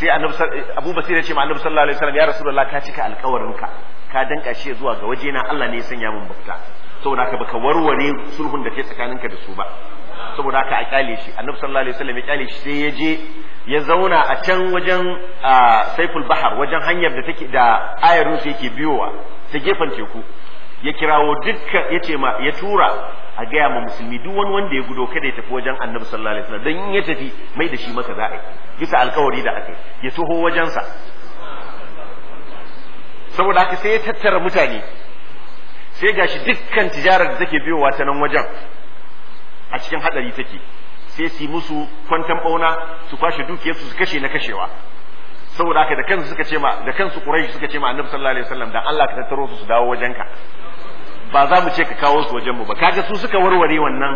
sai annabi Abu Basir ya ce ma annabi sallallahu alaihi wasallam ya rasulullah ka cika alƙawarinka ka danka shi zuwa ga wajena Allah ne ya sanya min bukata saboda ka baka warware sulhun da ke tsakaninka da su ba saboda haka a kyale shi annabi sallallahu alaihi wasallam ya kyale shi sai ya je ya zauna a can wajen saiful bahar wajen hanyar da take da ayarin su yake biyowa ta gefen teku ya kirawo dukkan ya ma ya tura a gaya ma musulmi duk wani wanda ya gudo kada ya tafi wajen annabi sallallahu alaihi wasallam dan in ya tafi mai da shi maka za bisa alkawari da aka ya taho wajensa saboda haka sai ya tattara mutane sai gashi dukkan tijarar da take biyowa ta nan wajen a cikin hadari take sai su musu kwantan bauna su kwashe dukiyarsu su kashe na kashewa saboda haka da kansu suka ce ma da kansu quraish suka ce ma annabi sallallahu alaihi wasallam dan Allah ka tattaro su su dawo wajenka ba za mu ce ka kawo su wajen mu ba kaga su suka warware wannan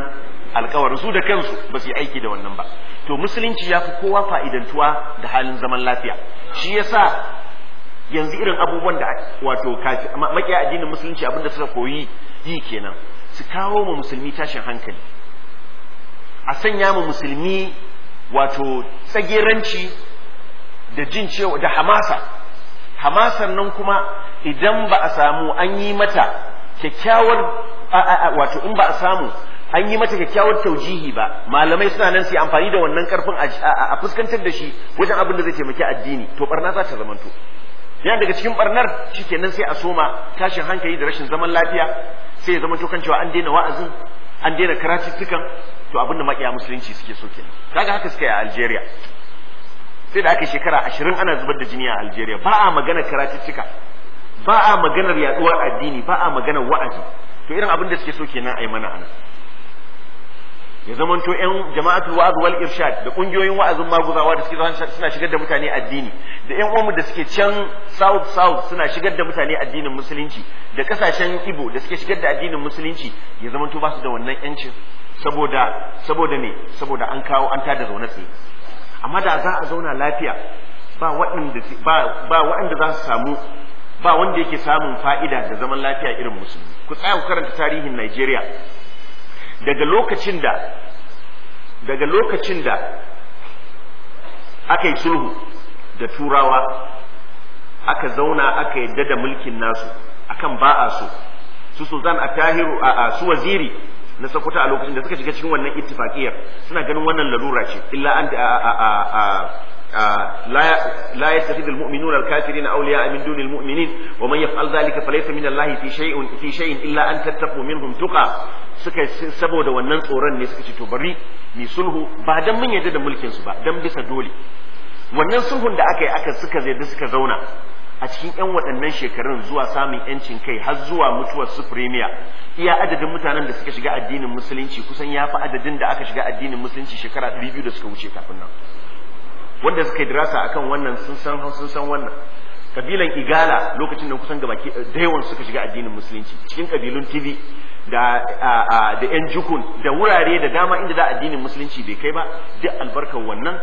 alkawari su da kansu ba su yi aiki da wannan ba to musulunci ya fi kowa fa'idantuwa da halin zaman lafiya shi yasa yanzu irin abubuwan da wato makiya addinin musulunci abinda suka koyi yi kenan su kawo mu musulmi tashin hankali a sanya mu musulmi wato tsageranci da jin cewa da hamasa hamasar nan kuma idan ba a samu an yi mata kyakkyawar wato in ba a samu an yi mata kyakkyawar taujihi ba malamai suna nan su yi amfani da wannan karfin a fuskantar da shi wajen abin da zai taimaki addini to barna za ta zamanto yana daga cikin barnar shikenan sai a soma tashin hankali da rashin zaman lafiya sai ya zama kan cewa an daina wa'azin an daina karatuttukan to abinda makiya musulunci suke so kenan kaga haka suka yi a Algeria sai da aka shekara ashirin ana zubar da jini a Algeria ba a magana karatuttuka ba a maganar yaduwar addini ba a magana wa'azi to irin abin da suke so kenan a yi mana ana ya zamanto yan jama'atul wa'az wal irshad da kungiyoyin wa'azin maguzawa da suke suna shigar da mutane addini da yan uwanmu da suke can south south suna shigar da mutane addinin musulunci da kasashen ibo da suke shigar da addinin musulunci ya zamanto ba su da wannan yancin saboda saboda ne saboda an kawo an tada zaune tsaye amma da za a zauna lafiya ba waɗanda ba ba waɗanda za su samu ba wanda yake samun fa'ida da zaman lafiya irin musulmi ku tsaya ku karanta tarihin Najeriya daga lokacin da daga lokacin da aka yi sulhu da turawa aka zauna aka yadda da mulkin nasu akan ba a so su sultan a tahiru a su waziri na Sokoto a lokacin da suka shiga cikin wannan ittifaqiyar suna ganin wannan lalura ce illa an لا يتخذ المؤمنون الكافرين أولياء من دون المؤمنين ومن يفعل ذلك فليس من الله في شيء في شيء إلا أن تتقوا منهم تقى suka saboda wannan tsoron ne suka ce to bari ni sulhu ba dan mun yarda da mulkin su ba dan bisa dole wannan sulhun da aka yi aka suka zai suka zauna a cikin 'yan waɗannan shekarun zuwa samun 'yancin kai har zuwa mutuwar sufremiya iya adadin mutanen da suka shiga addinin musulunci kusan ya fi adadin da aka shiga addinin musulunci shekara 200 da suka wuce kafin nan wanda suka yi dirasa akan wannan sun san sun san wannan kabilan igala lokacin da kusan gabaki da yawan suka shiga addinin musulunci cikin kabilun tibi da da yan jukun da wurare da dama inda da addinin musulunci bai kai ba duk albarkar wannan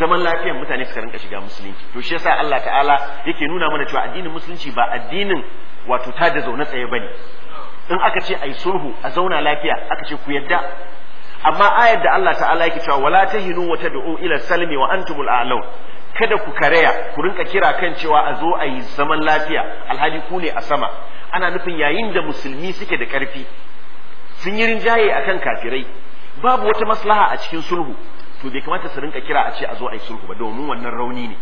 zaman lafiyar mutane suka rinka shiga musulunci to shi yasa Allah ta'ala yake nuna mana cewa addinin musulunci ba addinin wato ta da zaune tsaye bane in aka ce ai sulhu a zauna lafiya aka ce ku yadda amma ayar da Allah ta'ala yake cewa wala tahinu wa tad'u ila salmi wa antumul a'laun kada ku karaya ku rinka kira kan cewa a zo ayi zaman lafiya alhali ku ne a sama ana nufin yayin da musulmi suke da karfi sun yi rinjaye akan kafirai babu wata maslaha a cikin sulhu to bai kamata su rinka kira a ce a zo a yi sulhu ba domin wannan rauni ne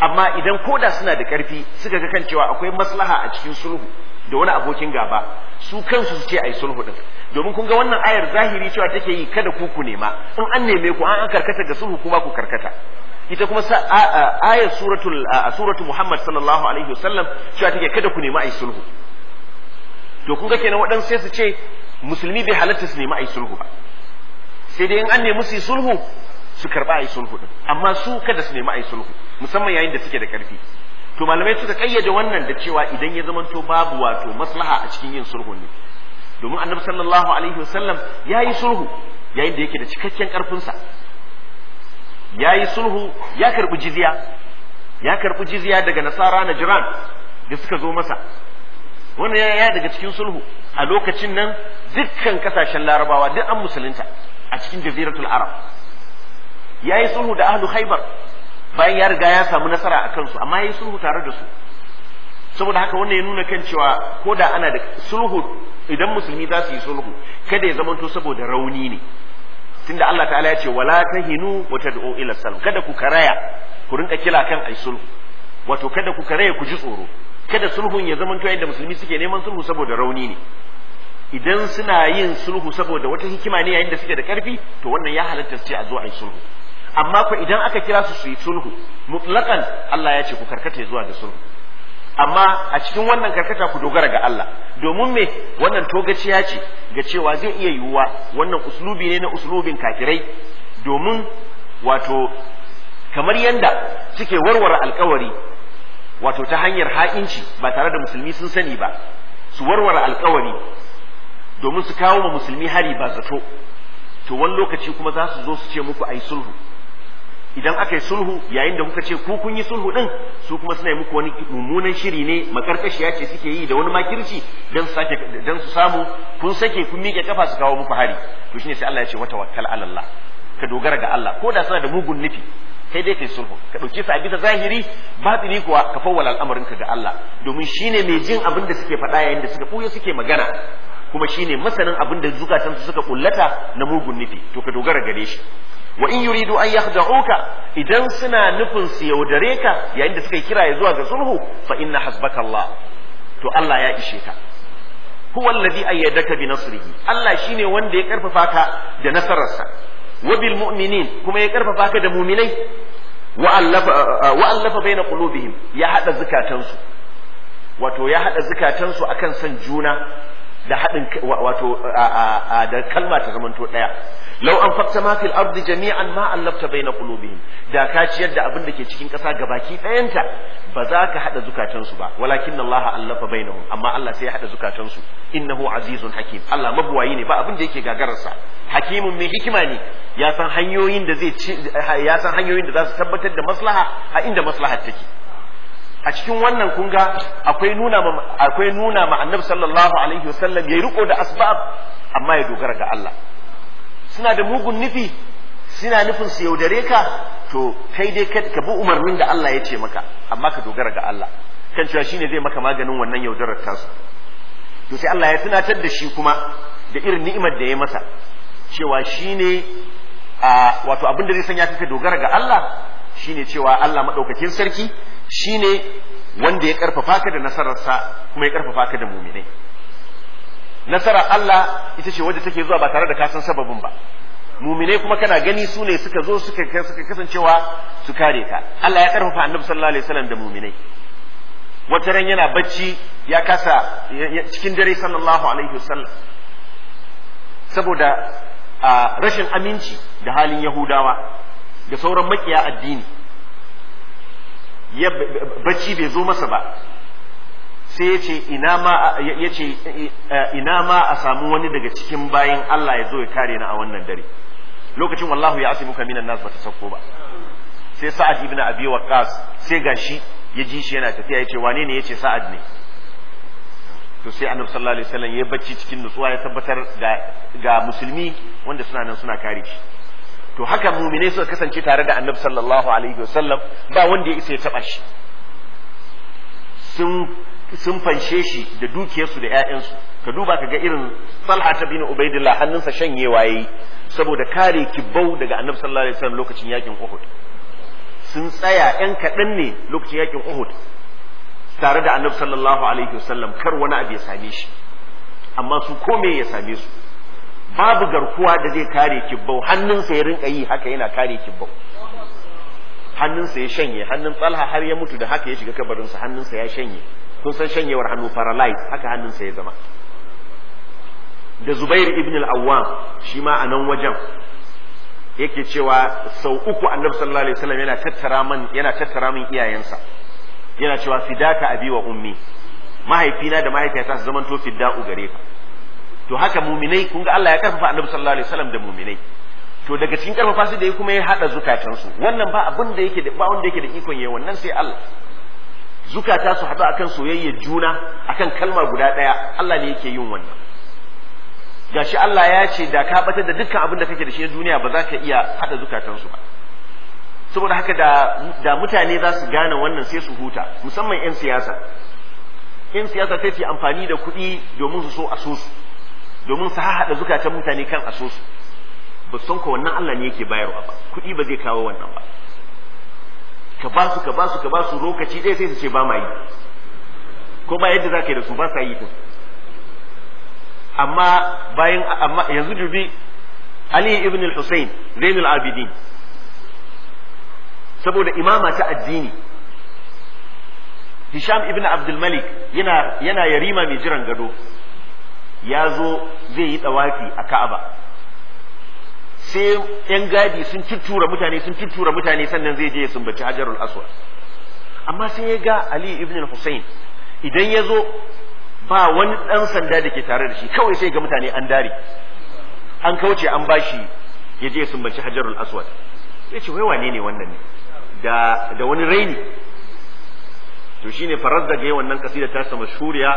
amma idan koda suna da ƙarfi suka ga kan cewa akwai maslaha a cikin sulhu da wani abokin gaba su kansu su ce a yi sulhu din domin kun ga wannan ayar zahiri cewa take yi kada ku ku nema in an neme ku an karkata ga sulhu kuma ku karkata ita kuma sa ayar suratul suratu Muhammad sallallahu alaihi wasallam cewa take kada ku nema a yi sulhu to kun ga kenan waɗansu sai su ce musulmi bai halatta su nema a yi sulhu ba sai dai in an nemi su sulhu su karba ayi sulhu din amma su kada su nemi ayi sulhu musamman yayin da suke da karfi to malamai suka kayyade wannan da cewa idan ya zamanto babu wato maslaha a cikin yin sulhu ne domin annabi sallallahu alaihi wasallam ya yi sulhu yayin da yake da cikakken karfinsa ya yi sulhu ya karbi jizya ya karbi jizya daga nasara na jiran da suka zo masa wannan ya daga cikin sulhu a lokacin nan dukkan kasashen larabawa duk an musulunta a cikin jaziratul arab ya yi sulhu da ahlu khaybar bayan ya riga ya samu nasara a kansu amma ya yi sulhu tare da su saboda haka wannan ya nuna kan cewa ko da ana da sulhu idan musulmi za su yi sulhu kada ya zamanto saboda rauni ne tunda Allah ta'ala ya ce wala tahinu wa tad'u ila salam kada ku karaya ku rinka kila kan ai sulhu wato kada ku karaya ku ji tsoro kada sulhun ya zamanto yadda musulmi suke neman sulhu saboda rauni ne idan suna yin sulhu saboda wata hikima ne yayin da suke da karfi to wannan ya halatta su ce a zo a yi sulhu amma ko idan aka kira su su yi sulhu mutlaqan Allah ya ce ku karkata zuwa ga sulhu amma a cikin wannan karkata ku dogara ga Allah domin me wannan togaciya ce ga cewa zai iya yiwuwa wannan uslubi ne na uslubin kafirai domin wato kamar yanda suke warware alkawari wato ta hanyar ha'inci ba tare da musulmi sun sani ba su warware alkawari domin su kawo ma musulmi hari ba zato to wani lokaci kuma za su zo su ce muku a yi sulhu idan aka yi sulhu yayin da kuka ce ku kun yi sulhu din su kuma suna yi muku wani mummunan shiri ne makarkashiya ce suke yi da wani makirci dan su sake dan su samu kun sake kun miƙe kafa su kawo muku hari to shine sai Allah ya ce wata tawakkal ala Allah ka dogara ga Allah ko da suna da mugun nufi kai dai kai sulhu ka dauke su a bisa zahiri batini kuwa ka fawwala al'amarin ka ga Allah domin shine mai jin abin da suke faɗa yayin da suka buya suke magana kuma shine masanin abin da zukatan su suka kullata na mugun nufi to ka dogara gare shi wa in yuridu an yakhda'uka idan suna nufin su yaudare ka yayin da suka kira ya zuwa ga sulhu fa inna hasbaka Allah to Allah ya ishe ka huwa alladhi ayyadaka bi nasrihi Allah shine wanda ya karfafa ka da nasararsa wa bil mu'minin kuma ya karfafa ka da mu'minai wa'allafa baina na ƙulubihim ya haɗa zikatansu wato ya haɗa zukatansu akan son juna da haɗin wato da kalma ta zamanto ɗaya lau an fakta ma fil ardi jami'an ma allafta baina qulubihim da ka ciyar da abin da ke cikin ƙasa gabaki ɗayanta ba za ka haɗa zukatansu ba walakin Allah allafa bainahum amma Allah sai ya haɗa zukatansu innahu azizun hakim Allah mabuwayi ne ba abin da yake gagararsa hakimun mai hikima ne ya san hanyoyin da zai ya san hanyoyin da za su tabbatar da maslaha a inda maslaha take a cikin wannan kunga akwai nuna ma akwai nuna ma annabi sallallahu alaihi wasallam yayi riko da asbab amma ya dogara ga Allah suna da mugun nufi suna nufin su yaudare ka to kai dai ka bi umarnin da Allah ya ce maka amma ka dogara ga Allah kan cewa shine zai maka maganin wannan yaudarar tasu to sai Allah ya tunatar da shi kuma da irin ni'imar da ya masa cewa shine a wato abin da zai sanya ka dogara ga Allah shine cewa Allah madaukakin sarki Shi ne wanda ya karfafa ka da nasararsa kuma ya karfafa ka da muminai nasara Allah ita ce wadda take zuwa ba tare da kasan sababin ba muminai kuma kana gani su ne suka zo suka kasancewa su kare ka Allah ya karfafa annabi sallallahu alaihi wasallam da muminai wata ran yana bacci ya kasa cikin dare sallallahu alaihi wasallam saboda rashin aminci da halin yahudawa da sauran makiya addini ya bacci bai zo masa ba sai ya ce ina ma a e-, e-, samu wani daga cikin bayan Allah ya zo ya kare ni a wannan dare lokacin wallahu ya asimuka minan nas ta sauko ba sai sa'ad ibn abi waqas sai gashi ya ji shi yana tafiya ya ce wane ne ya ce sa'ad ne to sai annabi sallallahu alaihi wasallam ya bacci cikin nutsuwa ya tabbatar ga musulmi wanda suna nan suna kare shi to haka mumine suka kasance tare da annabi sallallahu alaihi wasallam ba wanda ya isa ya taba shi sun sun fanshe shi da dukiyarsu da ƴaƴansu ka duba ka ga irin salha ta bin Ubaidillah hannunsa shanye-waye, saboda kare kibau daga Annabi sallallahu alaihi wasallam lokacin yakin Uhud sun tsaya ƴan kaɗan ne lokacin yakin Uhud tare da Annabi sallallahu alaihi wasallam kar wani abu ya same shi amma su kome ya same su babu garkuwa da zai kare kibbau hannunsa ya rinka yi haka yana kare kibbau hannunsa ya shanye hannun tsalha har ya mutu da haka ya shiga kabarinsa hannunsa ya shanye kun san shanyewar hannu paralyze haka hannunsa ya zama da zubair ibn al-awwam shi ma a nan wajen yake cewa sau uku annabi sallallahu alaihi wasallam yana tattara man yana tattara min iyayensa yana cewa fidaka abi wa ummi mahaifina da mahaifiyata su zamanto fidda'u gare ka to haka muminai kun ga Allah ya karfafa annabi sallallahu alaihi wasallam da muminai to daga cikin karfafa su da ya kuma ya hada zukatansu wannan ba abin da yake ba wanda yake da ikon yayi wannan sai Allah zukata su haɗu akan soyayya juna akan kalma guda daya Allah ne yake yin wannan gashi Allah ya ce da ka batar da dukkan abin da kake da shi na duniya ba za ka iya hada zukatansu ba saboda haka da da mutane za su gane wannan sai su huta musamman 'yan siyasa 'yan siyasa sai su amfani da kuɗi domin su so a so su domin su haɗa zukatan mutane kan a so su ba san ko wannan Allah ne yake bayarwa ba kuɗi ba zai kawo wannan ba ka ba su ka ba su ka ba su lokaci ɗaya sai su ce ba ma yi ko ba yadda za ka yi da su ba sa yi din amma bayan amma yanzu dubi Ali ibn al-Husayn Zainul Abidin saboda imama ta addini Hisham ibn Abdul Malik yana yana yarima mai jiran gado ya zo zai yi tsawafi a ka'aba sai yan gadi sun tuttura mutane sun tuttura mutane sannan zai je ya sumbaci hajarul aswad amma sai ya ga ali ibn hussein idan ya zo ba wani ɗan sanda da ke tare da shi kawai sai ga mutane an dare an kauce an bashi ya je ya sumbaci hajarul aswad ya ce wai wane ne wannan ne da wani raini to ne farar da ga wannan kasida ta sama shuriya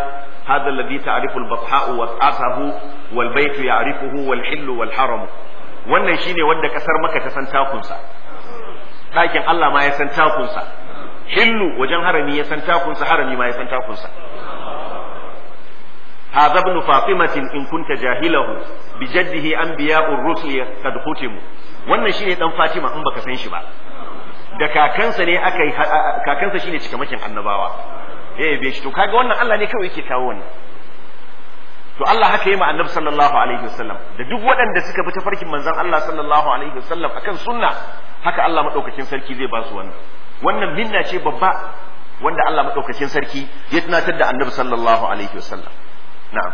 hadha alladhi ta'rifu al-batha'u wa asahu wal baytu ya'rifuhu wal hillu wal haram wannan shine wanda kasar maka ta san takunsa Dakin Allah ma ya san takunsa hillu wajen harami ya san takunsa harami ma ya san takunsa هذا ابن فاطمة إن كنت جاهله بجده أنبياء الرسل قد ختموا wannan shine dan Fatima in baka san shi ba da kakansa ne aka yi kakansa shi ne cikamakin annabawa eh be shi to kaga wannan Allah ne kawai yake kawo wannan to Allah haka yi ma annabi sallallahu alaihi wasallam da duk waɗanda suka fi tafarkin manzan Allah sallallahu alaihi wasallam akan sunna haka Allah madaukakin sarki zai ba su wannan wannan minna ce babba wanda Allah madaukakin sarki ya tunatar da annabi sallallahu alaihi wasallam na'am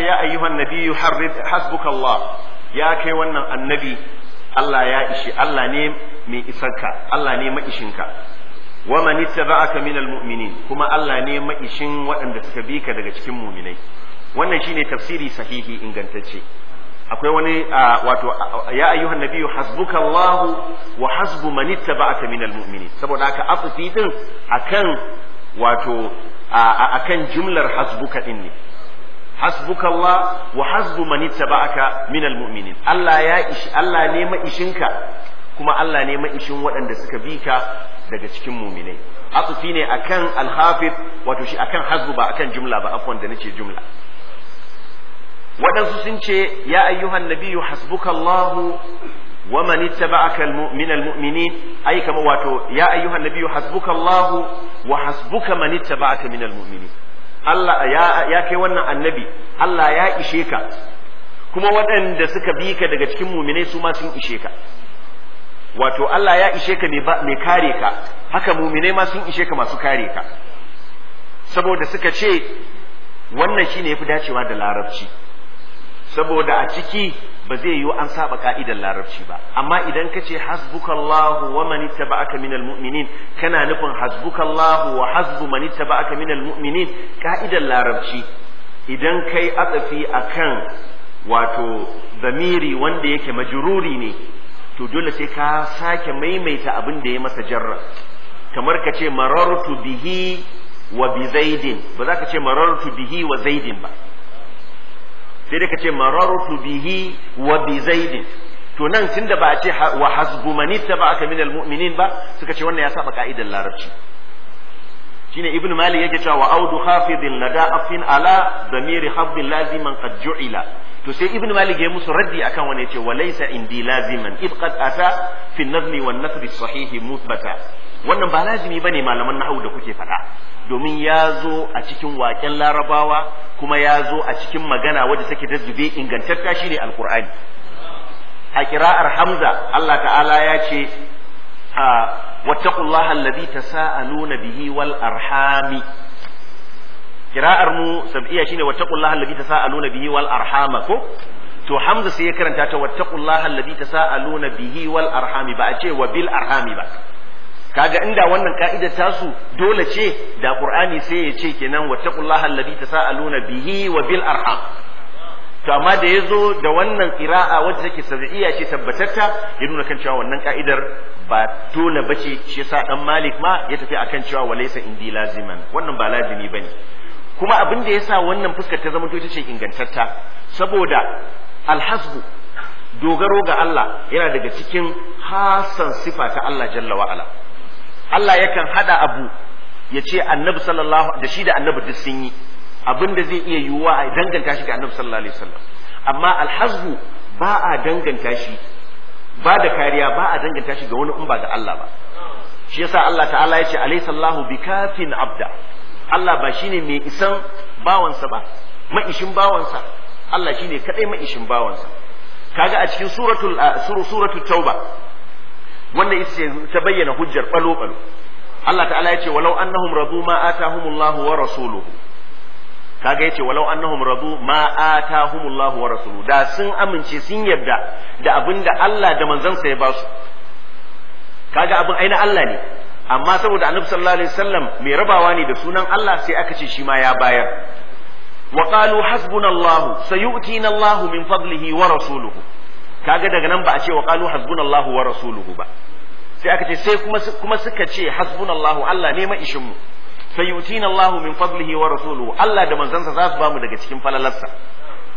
ce ya ayyuhan nabiyyu harrid hasbukallah ya kai wannan annabi Allah ya ishi Allah ne mai isanka Allah ne maishinka wa man ittaba'aka minal mu'minin kuma Allah ne maishin waɗanda suka bi ka daga cikin mu'minai wannan shine tafsiri sahihi ingantacce akwai wani wato ya ayyuhan hasbuka hasbukallahu wa hasbu man ittaba'aka minal mu'minin saboda haka afifi din akan wato akan jumlar hasbuka din ne hasbukallah wa hasbu man ittaba'aka minal mu'minin Allah ya ishi Allah ne maishinka kuma Allah ne maishin waɗanda suka bi ka daga cikin mu'minai atufi ne akan alhafi hafiz akan hasbu ba akan jumla ba afwan da nace jumla waɗansu sun ce ya ayyuhan nabiyyu hasbukallahu wa man ittaba'aka min almu'minin ai wato ya ayyuhan nabiyyu hasbukallahu wa hasbuka man ittaba'aka min almu'minin Allah ya kai wannan annabi Allah ya ishe ka kuma waɗanda suka bi ka daga cikin muminai su ma sun ishe ka wato Allah ya ishe ka mai kare ka haka muminai ma sun ishe ka masu kare ka saboda suka ce wannan shine yafi dacewa da larabci saboda a ciki ba zai yiwu an saba ka'idar larabci ba amma idan ka ce hasbukallahu wa man ittaba'aka minal mu'minin kana nufin hasbukallahu wa hasbu man ittaba'aka minal mu'minin ka'idar larabci idan kai atsafi akan wato zamiri wanda yake majruri ne to dole sai ka sake maimaita abin da ya masa jarra kamar ka ce marartu bihi wa bi zaidin ba za ka ce marartu bihi wa zaidin ba sai dai ka ce marartu bihi wa bi zaidin to nan da ba a ce wa ba aka min almu'minin ba suka ce wannan ya saba ka'idar larabci shine ibnu malik yake cewa wa audu khafidin lada afin ala damiri habdin laziman qad ju'ila to sai ibnu malik ya musu raddi akan wani yace wa laysa indi laziman id qad ata fi an-nazmi wan nasr as muthbata wannan ba lazimi bane malaman nahwu da kuke faɗa domin ya zo a cikin waƙen larabawa kuma ya zo a cikin magana wadda take ta zube ingantatta shine alkur'ani a kira'ar hamza Allah ta'ala ya ce a wattaqullaha allazi tasaaluna bihi wal arhami kira'ar mu sab'iyya shine wattaqullaha allazi tasaaluna bihi wal arhama ko to hamza sai ya karanta ta wattaqullaha allazi tasaaluna bihi wal arhami ba a ce wa bil arhami ba kaga inda wannan ka'idar tasu dole ce da qur'ani sai ya ce kenan wattaqullaha alladhi tasaluna bihi wa bil arham to amma da yazo da wannan qira'a wacce take sab'iyya ce tabbatatta ya nuna kan cewa wannan ka'idar ba dole bace shi yasa dan malik ma ya tafi akan cewa walaysa indi laziman wannan ba lazimi bane kuma abin da yasa wannan fuska ta zama to ce ingantatta saboda alhasbu dogaro ga Allah yana daga cikin hasan sifa ta Allah jalla wa Allah yakan hada abu ya ce annabi sallallahu da shi da annabi duk sun yi abin da zai iya yiwuwa a danganta shi ga annabi sallallahu alaihi wasallam amma alhazzu ba a danganta shi ba da kariya ba a danganta shi ga wani in ba ga Allah ba shi yasa Allah ta'ala ya ce alayhi sallahu bikafin abda Allah ba shine mai isan bawansa ba ma'ishin bawansa Allah shine kadai ma'ishin bawansa kaga a cikin suratul suratul tauba wannan ita ta bayyana hujjar balo balo Allah ta'ala ya ce walau annahum radu ma atahumullahu wa rasuluhu kaga yace walau annahum radu ma atahumullahu wa rasuluhu da sun amince sun yarda da abinda Allah da manzansa ya basu kaga abin aina Allah ne amma saboda annabi sallallahu alaihi wasallam mai rabawa ne da sunan Allah sai aka ce shi ma ya bayar wa qalu hasbunallahu sayu'tina Allahu min fadlihi wa rasuluhu kaga daga nan ba a ce wa qalu hasbunallahu wa rasuluhu ba sai aka ce sai kuma kuma suka ce hasbunallahu Allah ne ma'ishin mu sayutina Allahu min fadlihi wa rasuluhu Allah da manzansa za su bamu daga cikin falalarsa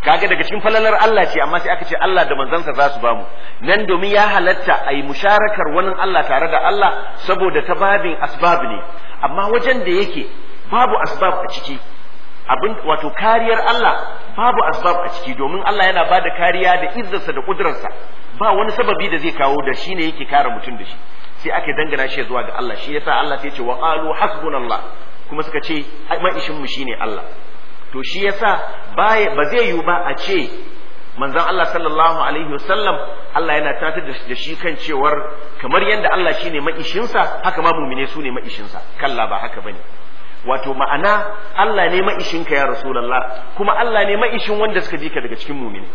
kaga daga cikin falalar Allah ce amma sai aka ce Allah da manzansa za su bamu nan domin ya halatta ayi musharakar wani Allah tare da Allah saboda ta babin asbab ne amma wajen da yake babu asbab a ciki abin wato kariyar Allah babu asbab a ciki domin Allah yana bada kariya da izzarsa da kudurarsa ba wani sababi da zai kawo da shi ne yake kare mutum da shi sai aka dangana shi zuwa ga Allah shi yasa Allah sai ya ce wa qalu hasbunallah kuma suka ce ma'ishin mu shine Allah to shi yasa ba zai yiwu ba a ce manzon Allah sallallahu alaihi wasallam Allah yana tatar da shi kan cewar kamar yadda Allah shine ma'ishinsa haka ma mumine su ne ma'ishinsa kalla ba haka bane wato ma'ana Allah ne ka ya rasulullah kuma Allah ne ma'ishin wanda suka ji ka daga cikin mumini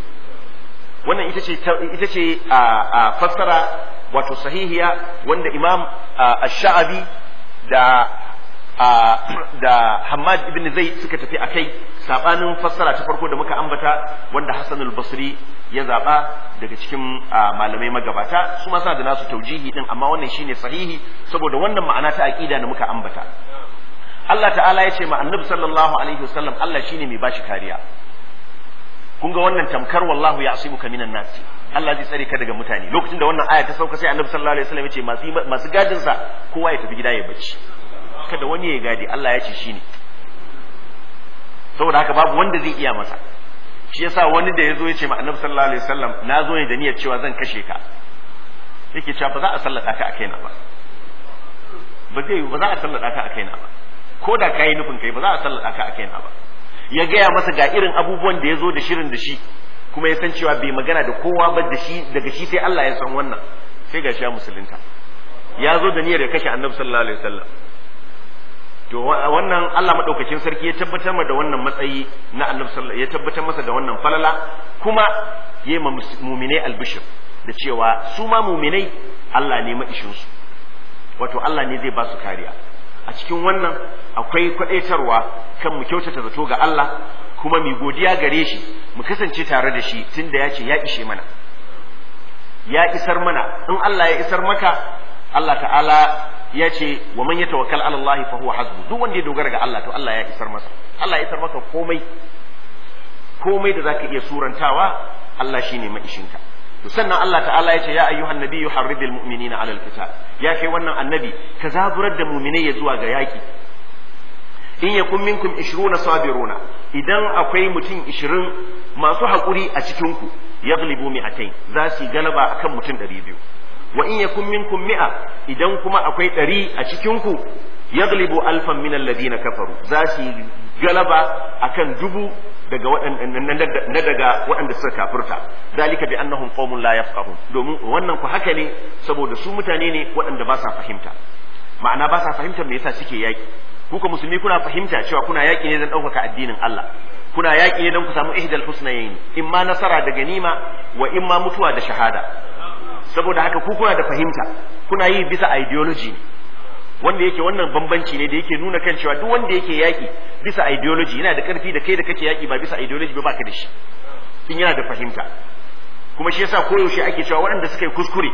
wannan ita ce ita ce a fassara wato sahihiya wanda imam ash-sha'abi da da Hammad ibn Zaid suka tafi akai sabanin fassara ta farko da muka ambata wanda Hassan al-Basri ya zaba daga cikin malamai magabata su ma suna da nasu taujihi din amma wannan shine sahihi saboda wannan ma'ana ta aqida da muka ambata Allah ta'ala ya ce ma annabi sallallahu alaihi wasallam Allah shine mai bashi kariya kun ga wannan tamkar wallahu ya asibuka minan nas Allah zai tsare ka daga mutane lokacin da wannan aya ta sauka sai annabi sallallahu alaihi wasallam ya ce masu masu gadin sa kowa ya tafi gida ya bace kada wani ya gadi Allah ya ce shine saboda haka babu wanda zai iya masa shi yasa wani da yazo ya ce ma annabi sallallahu alaihi wasallam na zo ne da niyyar cewa zan kashe ka yake cewa ba za a sallata ka a kaina ba ba zai ba za a sallata ka a kaina ba ko da kayi nufin kai ba za a sallaka ka akai ba ya gaya masa ga irin abubuwan da ya zo da shirin da shi kuma ya san cewa bai magana da kowa ba da shi daga shi sai Allah ya san wannan sai ga ya musulunta ya zo da niyyar ya kashe annabi sallallahu alaihi wasallam to wannan Allah madaukakin sarki ya tabbatar masa da wannan matsayi na annabi sallallahu ya tabbatar masa da wannan falala kuma ya yi mu'minai albishir da cewa su ma mu'minai Allah ne ma'ishin su wato Allah ne zai ba su kariya a cikin wannan akwai kwadaitarwa kan mu kyautata zato ga Allah kuma mu godiya gare shi mu kasance tare da shi tunda yace ya ishe mana ya isar mana in Allah ya isar maka Allah ta'ala ya ce wa man yatawakkal ala Allah fa huwa hasbu duk wanda ya dogara ga Allah to Allah ya isar masa Allah ya isar maka komai komai da zaka iya surantawa Allah shine maishinka to sannan Allah ta'ala ya ce ya ayyuhan nabiyyu harridil mu'minina alal qital ya kai wannan annabi ka zaburar da mu'minai ya zuwa ga yaki in yakun minkum 20 sabiruna idan akwai mutum 20 masu hakuri a cikin ku yaglibu mi'atain za su galaba akan mutum 200 wa in yakun minkum mi'a idan kuma akwai 100 a cikin ku yaglibu alfan min alladhina kafaru za su galaba akan dubu daga na daga waɗanda suka kafirta Dalika bi annahum qawmun la yafqahun domin wannan ku haka ne saboda su mutane ne waɗanda ba sa fahimta ma'ana ba sa fahimtar me yasa suke yaki kuka musulmi kuna fahimta cewa kuna yaki ne don ɗaukaka addinin Allah kuna yaki ne don ku samu ihdal husnayn in ma nasara da ganima wa in ma mutuwa da shahada saboda haka ku kuna da fahimta kuna yi bisa ideology ne wanda yake wannan bambanci ne da yake nuna kan cewa duk wanda yake yaki bisa ideology yana da karfi da kai da kake yaki ba bisa ideology ba baka da shi in yana da fahimta kuma shi yasa koyaushe ake cewa waɗanda suka yi kuskure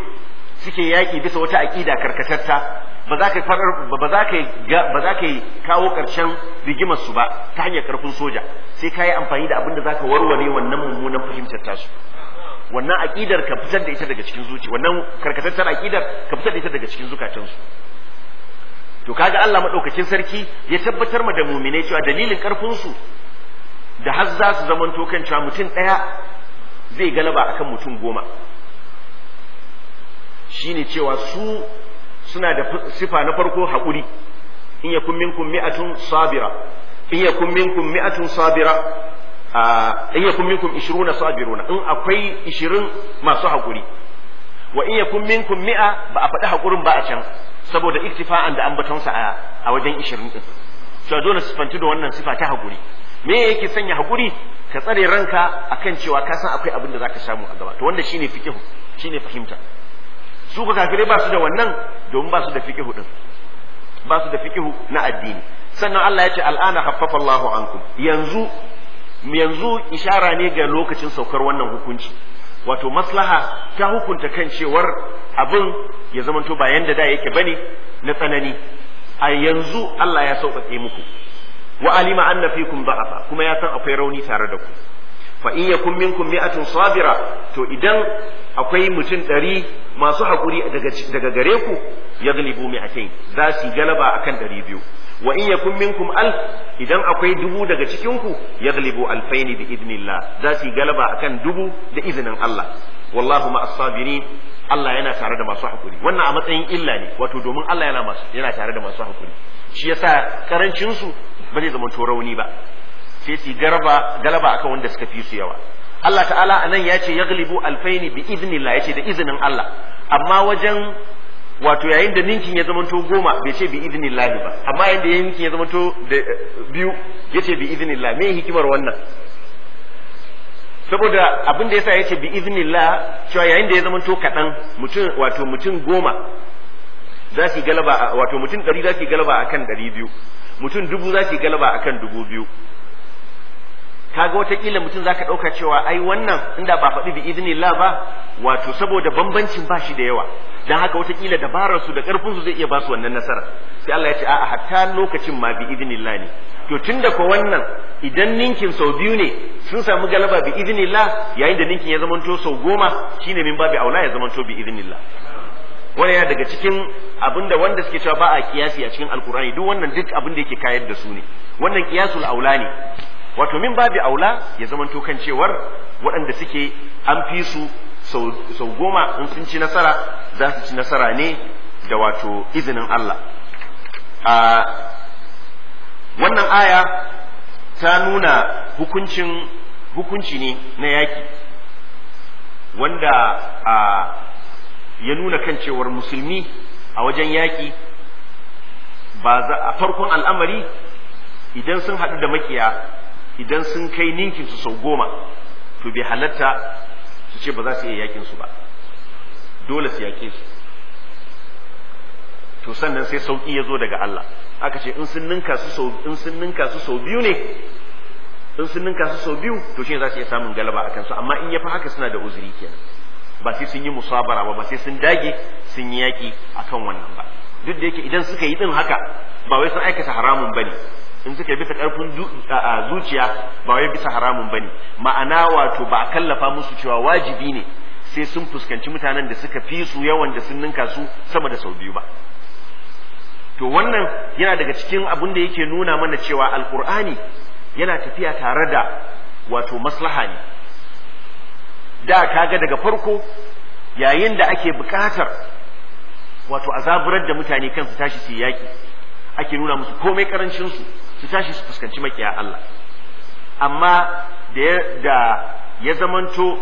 suke yaki bisa wata aƙida karkatatta ba za ka fara ba za ka ba za ka kawo karshen rigimar su ba ta hanyar karfin soja sai ka yi amfani da abin da za ka warware wannan mummunan fahimtar tasu wannan aƙidar ka fitar da ita daga cikin zuci wannan karkatattar aƙidar ka fitar da ita daga cikin zukatansu to kaga Allah madaukakin sarki ya tabbatar ma da mu'mine cewa dalilin karfin su da har za su zaman kan cewa mutum daya zai galaba akan mutum goma shine cewa su suna da sifa na farko haƙuri in yakun minkum mi'atun sabira in yakun minkum mi'atun sabira ah, in yakun minkum 20 sabiruna in akwai 20 masu haƙuri wa in yakun minkum mi'a ba a faɗi haƙurin ba a can saboda iktifa'an da ambatonsa a wajen ishirin din to dole sifantu da wannan sifa ta haƙuri me yake sanya haƙuri ka tsare ranka akan cewa ka san akwai abin da zaka samu a gaba to wanda shine fiqh shine fahimta su ka kafirai ba su da wannan domin ba su da fiqh din ba su da fiqh na addini sannan Allah ya ce al'ana haffafa Allahu ankum yanzu yanzu ishara ne ga lokacin saukar wannan hukunci wato maslaha ta hukunta kan cewar abin ya zamanto ba yanda da yake bane na tsanani a yanzu Allah ya sauƙaƙe muku wa alima anna fikum da'afa kuma ya san akwai rauni tare da ku fa in yakun minkum mi'atun sabira to idan akwai mutum ɗari masu haƙuri daga gare ku ya galibu mi'atain za su galaba akan ɗari biyu wa in yakun minkum alf idan akwai dubu daga cikin ku ya galibu alfaini bi idnillah za su galaba akan dubu da izinin Allah wallahu ma as-sabirin Allah yana tare da masu haƙuri wannan a matsayin illa ne wato domin Allah yana masu yana tare da masu haƙuri shi yasa karancin su ba zai zama rauni ba sai su garba galaba akan wanda suka fi su yawa Allah ta'ala anan ya ce yaglibu alfaini bi idnillah ya ce da izinin Allah amma wajen wato yayin da ninkin ya to goma bai ce bi idnillah ba amma yayin da ninkin ya zama to biyu ya ce bi idnillah me hikimar wannan saboda abin da yasa ya ce bi idnillah cewa yayin da ya to kaɗan mutum wato mutum goma za su galaba wato mutum ɗari za su galaba akan ɗari biyu mutum dubu za su galaba akan dubu biyu kaga wataƙila mutum zaka ɗauka cewa ai wannan inda ba faɗi bi ba wato saboda bambancin ba shi da yawa dan haka wataƙila dabarar su da karfin su zai iya ba su wannan nasara sai Allah ya ce a'a hatta lokacin ma bi idinillah ne to tunda ko wannan idan ninkin sau biyu ne sun samu galaba bi idinillah yayin da ninkin ya zamanto sau goma shine min babi aula ya zamanto bi idinillah wannan yana daga cikin abinda wanda suke cewa ba a kiyasi a cikin alkurani duk wannan duk abin da yake kayar da su ne wannan kiyasul aula ne wato min babi aula ya zamanto kan cewar waɗanda suke an fi su sau goma in sun ci nasara za su ci nasara ne da wato izinin Allah a wannan aya ta nuna hukuncin hukunci ne na yaki wanda a ya nuna kan cewar musulmi a wajen yaki ba za a farkon al'amari idan sun haɗu da makiya idan sun kai ninkin su sau goma to bai halatta su ce ba za su iya yakin su ba dole su yake su to sannan sai sauki ya zo daga Allah aka ce in sun ninka su sau in sun ninka su sau biyu ne in sun ninka su sau biyu to shine za su iya samun galaba akan su amma in ya fi haka suna da uzuri kenan ba sai sun yi musabara ba ba sai sun dage sun yi yaki akan wannan ba duk da yake idan suka yi din haka ba wai sun aikata haramun bane in suka yi bisa karfin zuciya ba wai bisa haramun bane ma'ana wato ba a kallafa musu cewa wajibi ne sai sun fuskanci mutanen da suka fi su yawan da sun ninka su sama da sau biyu ba to wannan yana daga cikin abin da yake nuna mana cewa alkur'ani yana tafiya tare da wato maslaha ne da kaga daga farko yayin da ake bukatar wato azaburar da mutane kansu tashi su yaki ake nuna musu komai karancin su su tashi su fuskanci makiya Allah amma da ya zamanto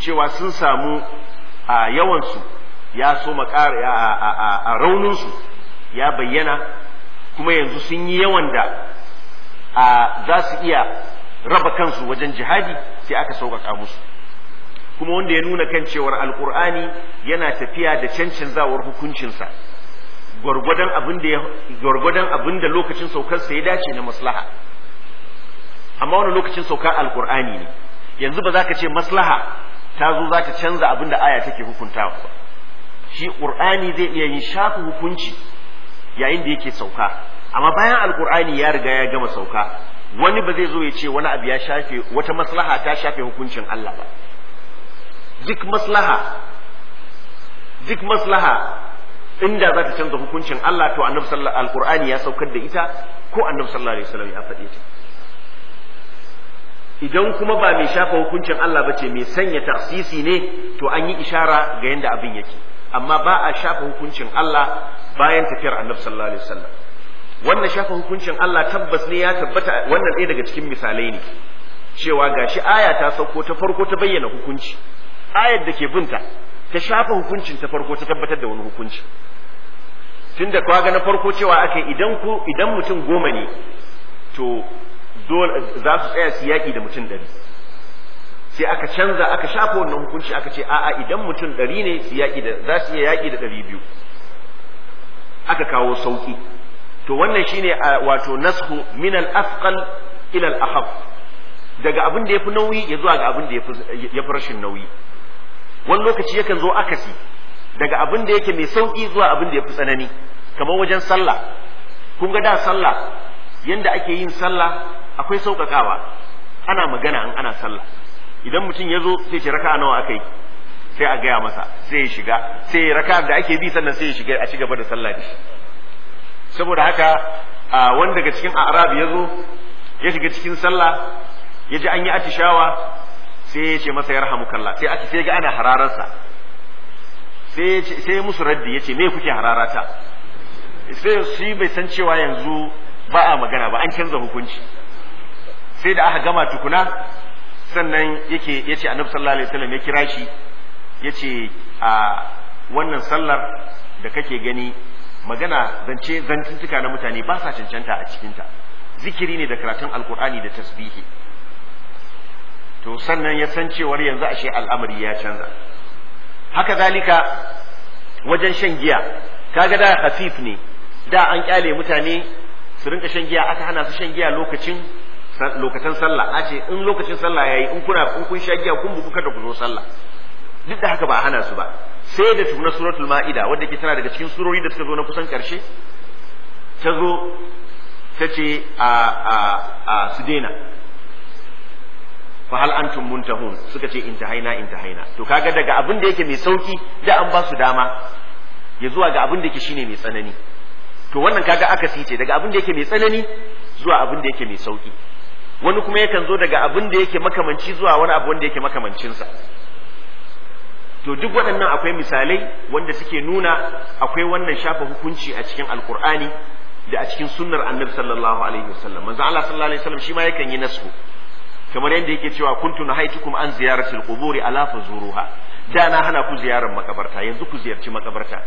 cewa sun samu a yawansu ya so a rauninsu ya bayyana kuma yanzu sun yi yawan da za su iya raba kansu wajen jihadi sai aka sauƙaƙa musu kuma wanda ya nuna kan cewar alƙur'ani yana tafiya da cancanzawar hukuncinsa gwargwadon abin da gwargwadon abin da lokacin saukar sa ya dace na maslaha amma wani lokacin saukar alqur'ani ne yanzu ba za ka ce maslaha ta zo za ta canza abin da aya take hukuntawa ba shi qur'ani zai iya yin shafi hukunci yayin da yake sauka amma bayan alqur'ani ya riga ya gama sauka wani ba zai zo ya ce wani abu ya shafe wata maslaha ta shafe hukuncin Allah ba duk maslaha duk maslaha inda za ta canza hukuncin Allah to annabi sallallahu alaihi alqur'ani ya saukar da ita ko annabi sallallahu alaihi wasallam ya faɗe ta idan kuma ba mai shafa hukuncin Allah bace mai sanya tasisi ne to an yi ishara ga yanda abin yake amma ba a shafa hukuncin Allah bayan tafiyar annabi sallallahu alaihi wasallam wannan shafa hukuncin Allah tabbas ne ya tabbata wannan ɗaya daga cikin misalai ne cewa gashi aya ta sauko ta farko ta bayyana hukunci ayar da ke binta ta shafa hukuncin ta farko ta tabbatar da wani hukunci tunda kwa na farko cewa aka idan ku idan mutum goma ne to za su tsaya su yaƙi da mutum ɗari sai aka canza aka shafa wannan hukunci aka ce a'a idan mutum ɗari ne su yaƙi da za su iya yaƙi da ɗari biyu aka kawo sauƙi to wannan shine wato nasku min al ilal ahab daga abin da ya fi nauyi ya zuwa ga abin da ya fi rashin nauyi wani lokaci yakan zo akasi daga abin da yake mai sauƙi zuwa abin da ya fi tsanani kamar wajen sallah kun ga da sallah yanda ake yin sallah akwai sauƙaƙawa ana magana in ana sallah idan mutum ya zo sai ce raka'a nawa aka yi sai a gaya masa sai ya shiga sai ya raka da ake bi sannan sai ya shiga a ci gaba da sallah da saboda haka wanda daga cikin arab ya zo ya shiga cikin sallah ya ji an yi atishawa sai ya ce masa kalla sai aka sai ga ana harararsa sai sai musu raddi ya ce me kuke hararata sai shi bai san cewa yanzu ba a magana ba an canza hukunci sai da aka gama tukuna sannan yake ce annabi sallallahu alaihi wasallam ya kira shi ya ce a wannan sallar da kake gani magana zance zantuntuka na mutane ba sa cancanta a cikinta zikiri ne da karatun alkur'ani da tasbihi to sannan ya san cewar yanzu ashe al'amari ya canza haka zalika wajen shan giya kaga da hafif ne da an kyale mutane su rinka shan giya aka hana su shan giya lokacin lokacin sallah a ce in lokacin sallah yayi in kuna in kun sha giya kun buku kada ku zo sallah duk da haka ba a hana su ba sai da tuna suratul ma'ida wadda ke tana daga cikin surori da suka zo na kusan karshe ta zo ta ce a a a su daina fa hal antum muntahun suka ce intahaina intahaina to kaga daga abin da yake mai sauki da an ba su dama ya zuwa ga abin da yake shine mai tsanani to wannan kaga aka sice daga abin da yake mai tsanani zuwa abin da yake mai sauki wani kuma yakan zo daga abin da yake makamanci zuwa wani abu wanda yake makamancinsa to duk waɗannan akwai misalai wanda suke nuna akwai wannan shafa hukunci a cikin alkur'ani da a cikin sunnar annabi sallallahu alaihi wasallam manzo Allah sallallahu alaihi wasallam shi ma yakan yi nasu kamar yadda yake cewa kuntu kuma an ziyarati alquburi ala fazuruha da na hana ku ziyarar makabarta yanzu ku ziyarci makabarta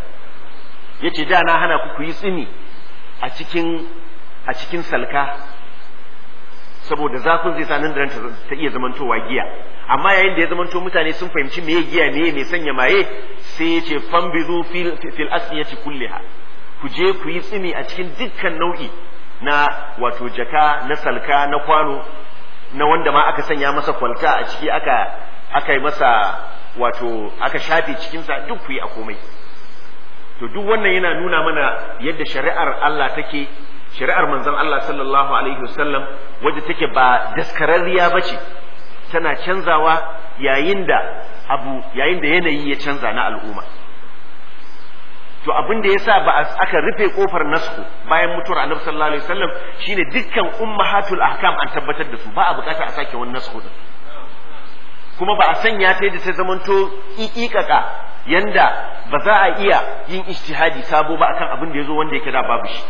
yace da na hana ku ku yi tsini a cikin salka saboda zafin zai sanin da ta iya zamantowa giya amma yayin da ya zamanto mutane sun fahimci meye giya meye mai sanya maye sai ya ce fambizu fil asiyati kulliha ku je ku yi tsini a cikin dukkan nau'i na wato jaka na salka na kwano na wanda ma aka sanya masa kwalta a ciki aka aka yi masa wato aka shafe cikinsa duk kuyi a komai to duk wannan yana nuna mana yadda shari'ar Allah take shari'ar manzon Allah sallallahu alaihi wasallam wadda take ba daskararriya bace tana canzawa yayin da abu yayin da yanayi ya canza na al'umma to abin da yasa ba a aka rufe kofar nasku bayan mutuwar annabi sallallahu alaihi wasallam shine dukkan ummahatul ahkam an tabbatar da su ba a bukata a sake wani nasku din kuma ba a sanya ta yadda ta zamanto kikikaka yanda ba za a iya yin ijtihadi sabo ba akan abin da yazo wanda yake da babu shi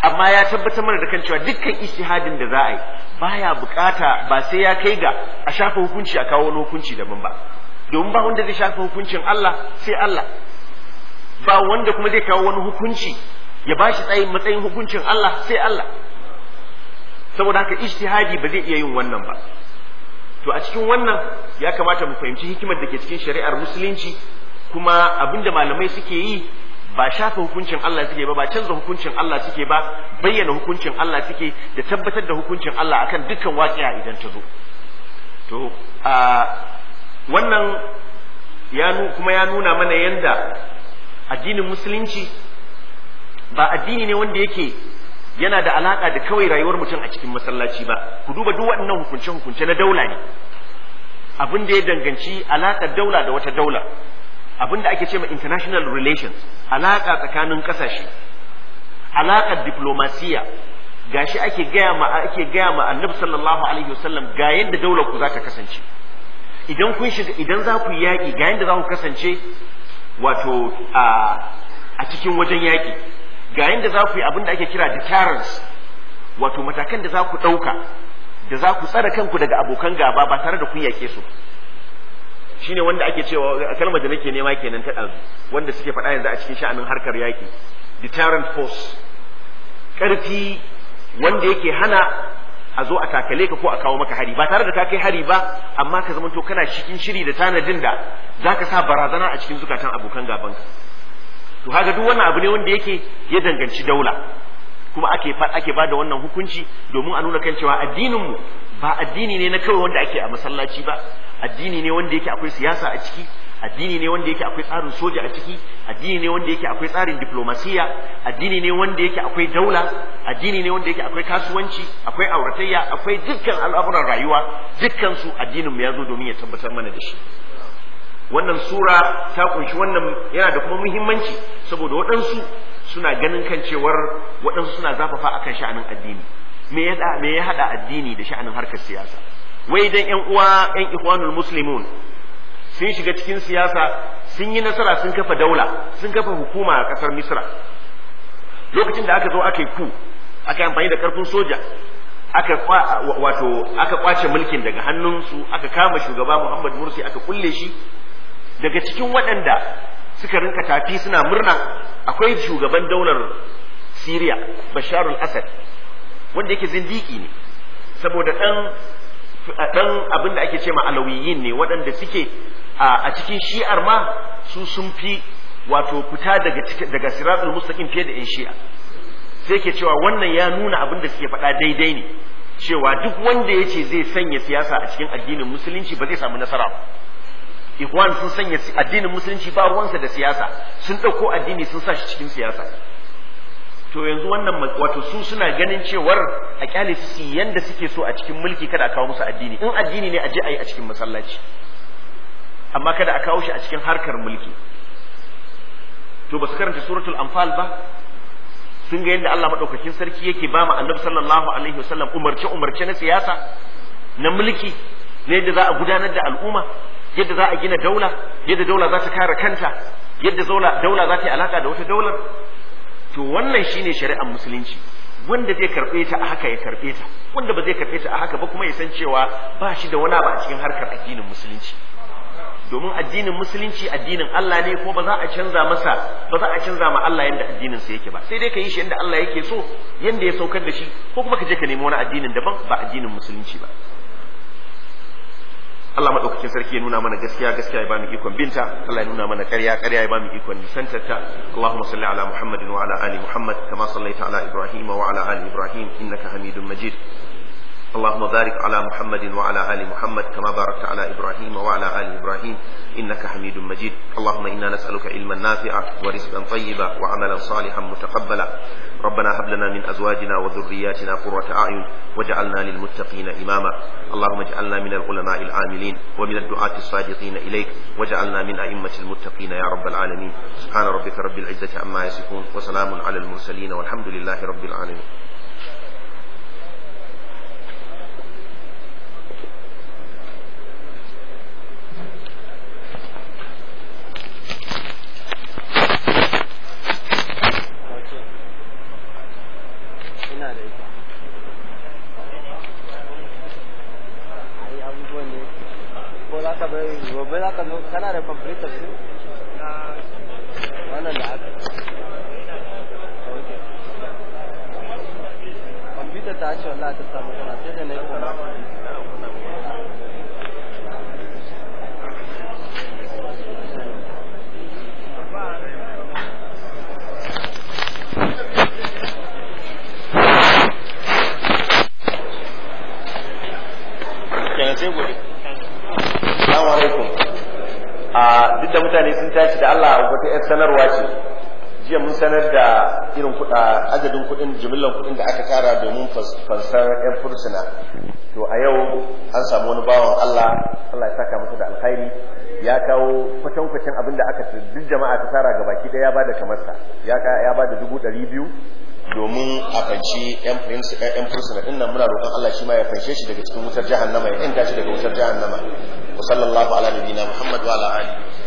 amma ya tabbatar mana da kan cewa dukkan ijtihadin da za a yi baya bukata ba sai ya kai ga a shafa hukunci a kawo wani hukunci daban ba domin ba wanda zai shafa hukuncin Allah sai Allah ba wanda kuma zai kawo wani hukunci ya bashi tsayin matsayin hukuncin Allah sai Allah saboda haka ijtihadi ba zai iya yin wannan ba to a cikin wannan ya kamata mu fahimci hikimar da ke cikin shari'ar musulunci kuma abin da malamai suke yi ba shafa hukuncin Allah suke ba ba canza hukuncin Allah suke ba bayyana hukuncin Allah suke da tabbatar da hukuncin Allah akan dukkan waƙiya idan ta zo to a wannan ya kuma ya nuna mana yanda addinin musulunci ba addini ne wanda yake yana da alaka da kawai rayuwar mutum a cikin masallaci ba ku duba duk waɗannan hukunce hukunce na daula ne abin da ya danganci alaƙar daula da wata daula abin da ake ce ma international relations alaƙa tsakanin ƙasashe alaƙar diplomasiya gashi ake gaya ma ake gaya ma annabi sallallahu alaihi wasallam ga yadda daular ku za ta kasance idan kun shiga idan za ku yaƙi ga yadda za ku kasance wato a cikin wajen yaƙi ga yadda za ku yi abin da ake kira deterrence wato matakan da za ku ɗauka da za ku tsare kanku daga abokan gaba ba tare da kun yaƙe su shi ne wanda ake cewa kalmar da nake nema kenan ta ɗazu wanda suke faɗa yanzu a cikin sha'anin harkar yaƙi deterrent force ƙarfi wanda yake hana a zo a takale ka ko a kawo maka hari ba tare da ka kai hari ba amma ka zama to kana cikin shiri da tanadin da zaka sa barazana a cikin zukatan abokan gabanka to haka duk wannan abu ne wanda yake ya danganci daula kuma ake ake da wannan hukunci domin a nuna kan cewa addinin mu ba addini ne na kawai wanda ake a masallaci ba addini ne wanda yake akwai siyasa a ciki addini ne wanda yake akwai tsarin soja a ciki addini ne wanda yake akwai tsarin diplomasiya addini ne wanda yake akwai daula addini ne wanda yake akwai kasuwanci akwai auratayya akwai dukkan al'amuran rayuwa dukkan su addinin mu ya zo domin ya tabbatar mana da shi wannan sura ta kunshi wannan yana da kuma muhimmanci saboda waɗansu suna ganin kan cewar waɗansu suna zafafa akan sha'anin addini me ya me ya hada addini da sha'anin harkar siyasa wai dan 'yan uwa 'yan ikhwanul muslimun sun shiga cikin siyasa sun yi nasara sun kafa daula sun kafa hukuma a kasar misra lokacin da aka zo aka yi ku aka yi amfani da karfin soja aka wato aka kwace mulkin daga hannunsu aka kama shugaba muhammad mursi aka kulle shi daga cikin waɗanda suka rinka tafi suna murna akwai shugaban daular Siriya Bashar al-Assad wanda yake zindiki ne saboda dan abinda abin da ake cewa alawiyin ne waɗanda suke a cikin shi'ar ma su sun fi wato fita daga daga siratul mustaqim fiye da yan shi'a sai ke cewa wannan ya nuna abin da suke faɗa daidai ne cewa duk wanda ya ce zai sanya siyasa a cikin addinin musulunci ba zai samu nasara ba ikwan sun sanya addinin musulunci ba ruwansa da siyasa sun ɗauko addini sun sa shi cikin siyasa to yanzu wannan wato su suna ganin cewar a kyale su yanda suke so a cikin mulki kada a kawo musu addini in addini ne a je a yi a cikin masallaci amma kada a kawo shi a cikin harkar mulki to ba su karanta suratul anfal ba sun ga yadda Allah madaukakin sarki yake ba mu annabi sallallahu alaihi wasallam umarce umarce na siyasa na mulki na yadda za a gudanar da al'umma yadda za a gina daula yadda daula za ta kare kanta yadda zaula daula za ta yi alaka da wata daular to wannan shine shari'ar musulunci wanda zai karɓe ta a haka ya karɓe ta wanda ba zai karɓe ta a haka ba kuma ya san cewa ba shi da wani ba a cikin harkar addinin musulunci domin addinin musulunci addinin Allah ne ko ba za a canza masa ba za a canza ma Allah yanda addinin sa yake ba sai dai ka yi shi yanda Allah yake so yanda ya saukar da shi ko kuma ka je ka nemi wani addinin daban ba addinin musulunci ba Allah madaukakin sarki ya nuna mana gaskiya gaskiya ya bamu ikon binta Allah ya nuna mana ƙarya ƙarya ya bamu ikon ta Allahumma salli ala Muhammadin wa ala ali Muhammad kama sallaita ala Ibrahim wa ala ali Ibrahim innaka Hamidum Majid اللهم بارك على محمد وعلى آل محمد كما باركت على إبراهيم وعلى آل إبراهيم إنك حميد مجيد اللهم إنا نسألك علما نافعا ورزقا طيبا وعملا صالحا متقبلا ربنا هب لنا من أزواجنا وذرياتنا قرة أعين واجعلنا للمتقين إماما اللهم اجعلنا من العلماء العاملين ومن الدعاة الصادقين إليك واجعلنا من أئمة المتقين يا رب العالمين سبحان ربك رب العزة عما يصفون وسلام على المرسلين والحمد لله رب العالمين ¿verdad? fansar yan fursuna to a yau an samu wani bawan Allah Allah ya saka masa da alkhairi ya kawo kwatankwacin abin da aka duk jama'a ta tara ga baki ɗaya ya bada kamar sa ya ya bada dubu ɗari biyu domin a fanci yan fursuna in nan muna roƙon Allah shi ma ya fanshe shi daga cikin wutar jahannama ya inda shi daga wutar jahannama wa sallallahu ala nabiyina muhammad wa ala alihi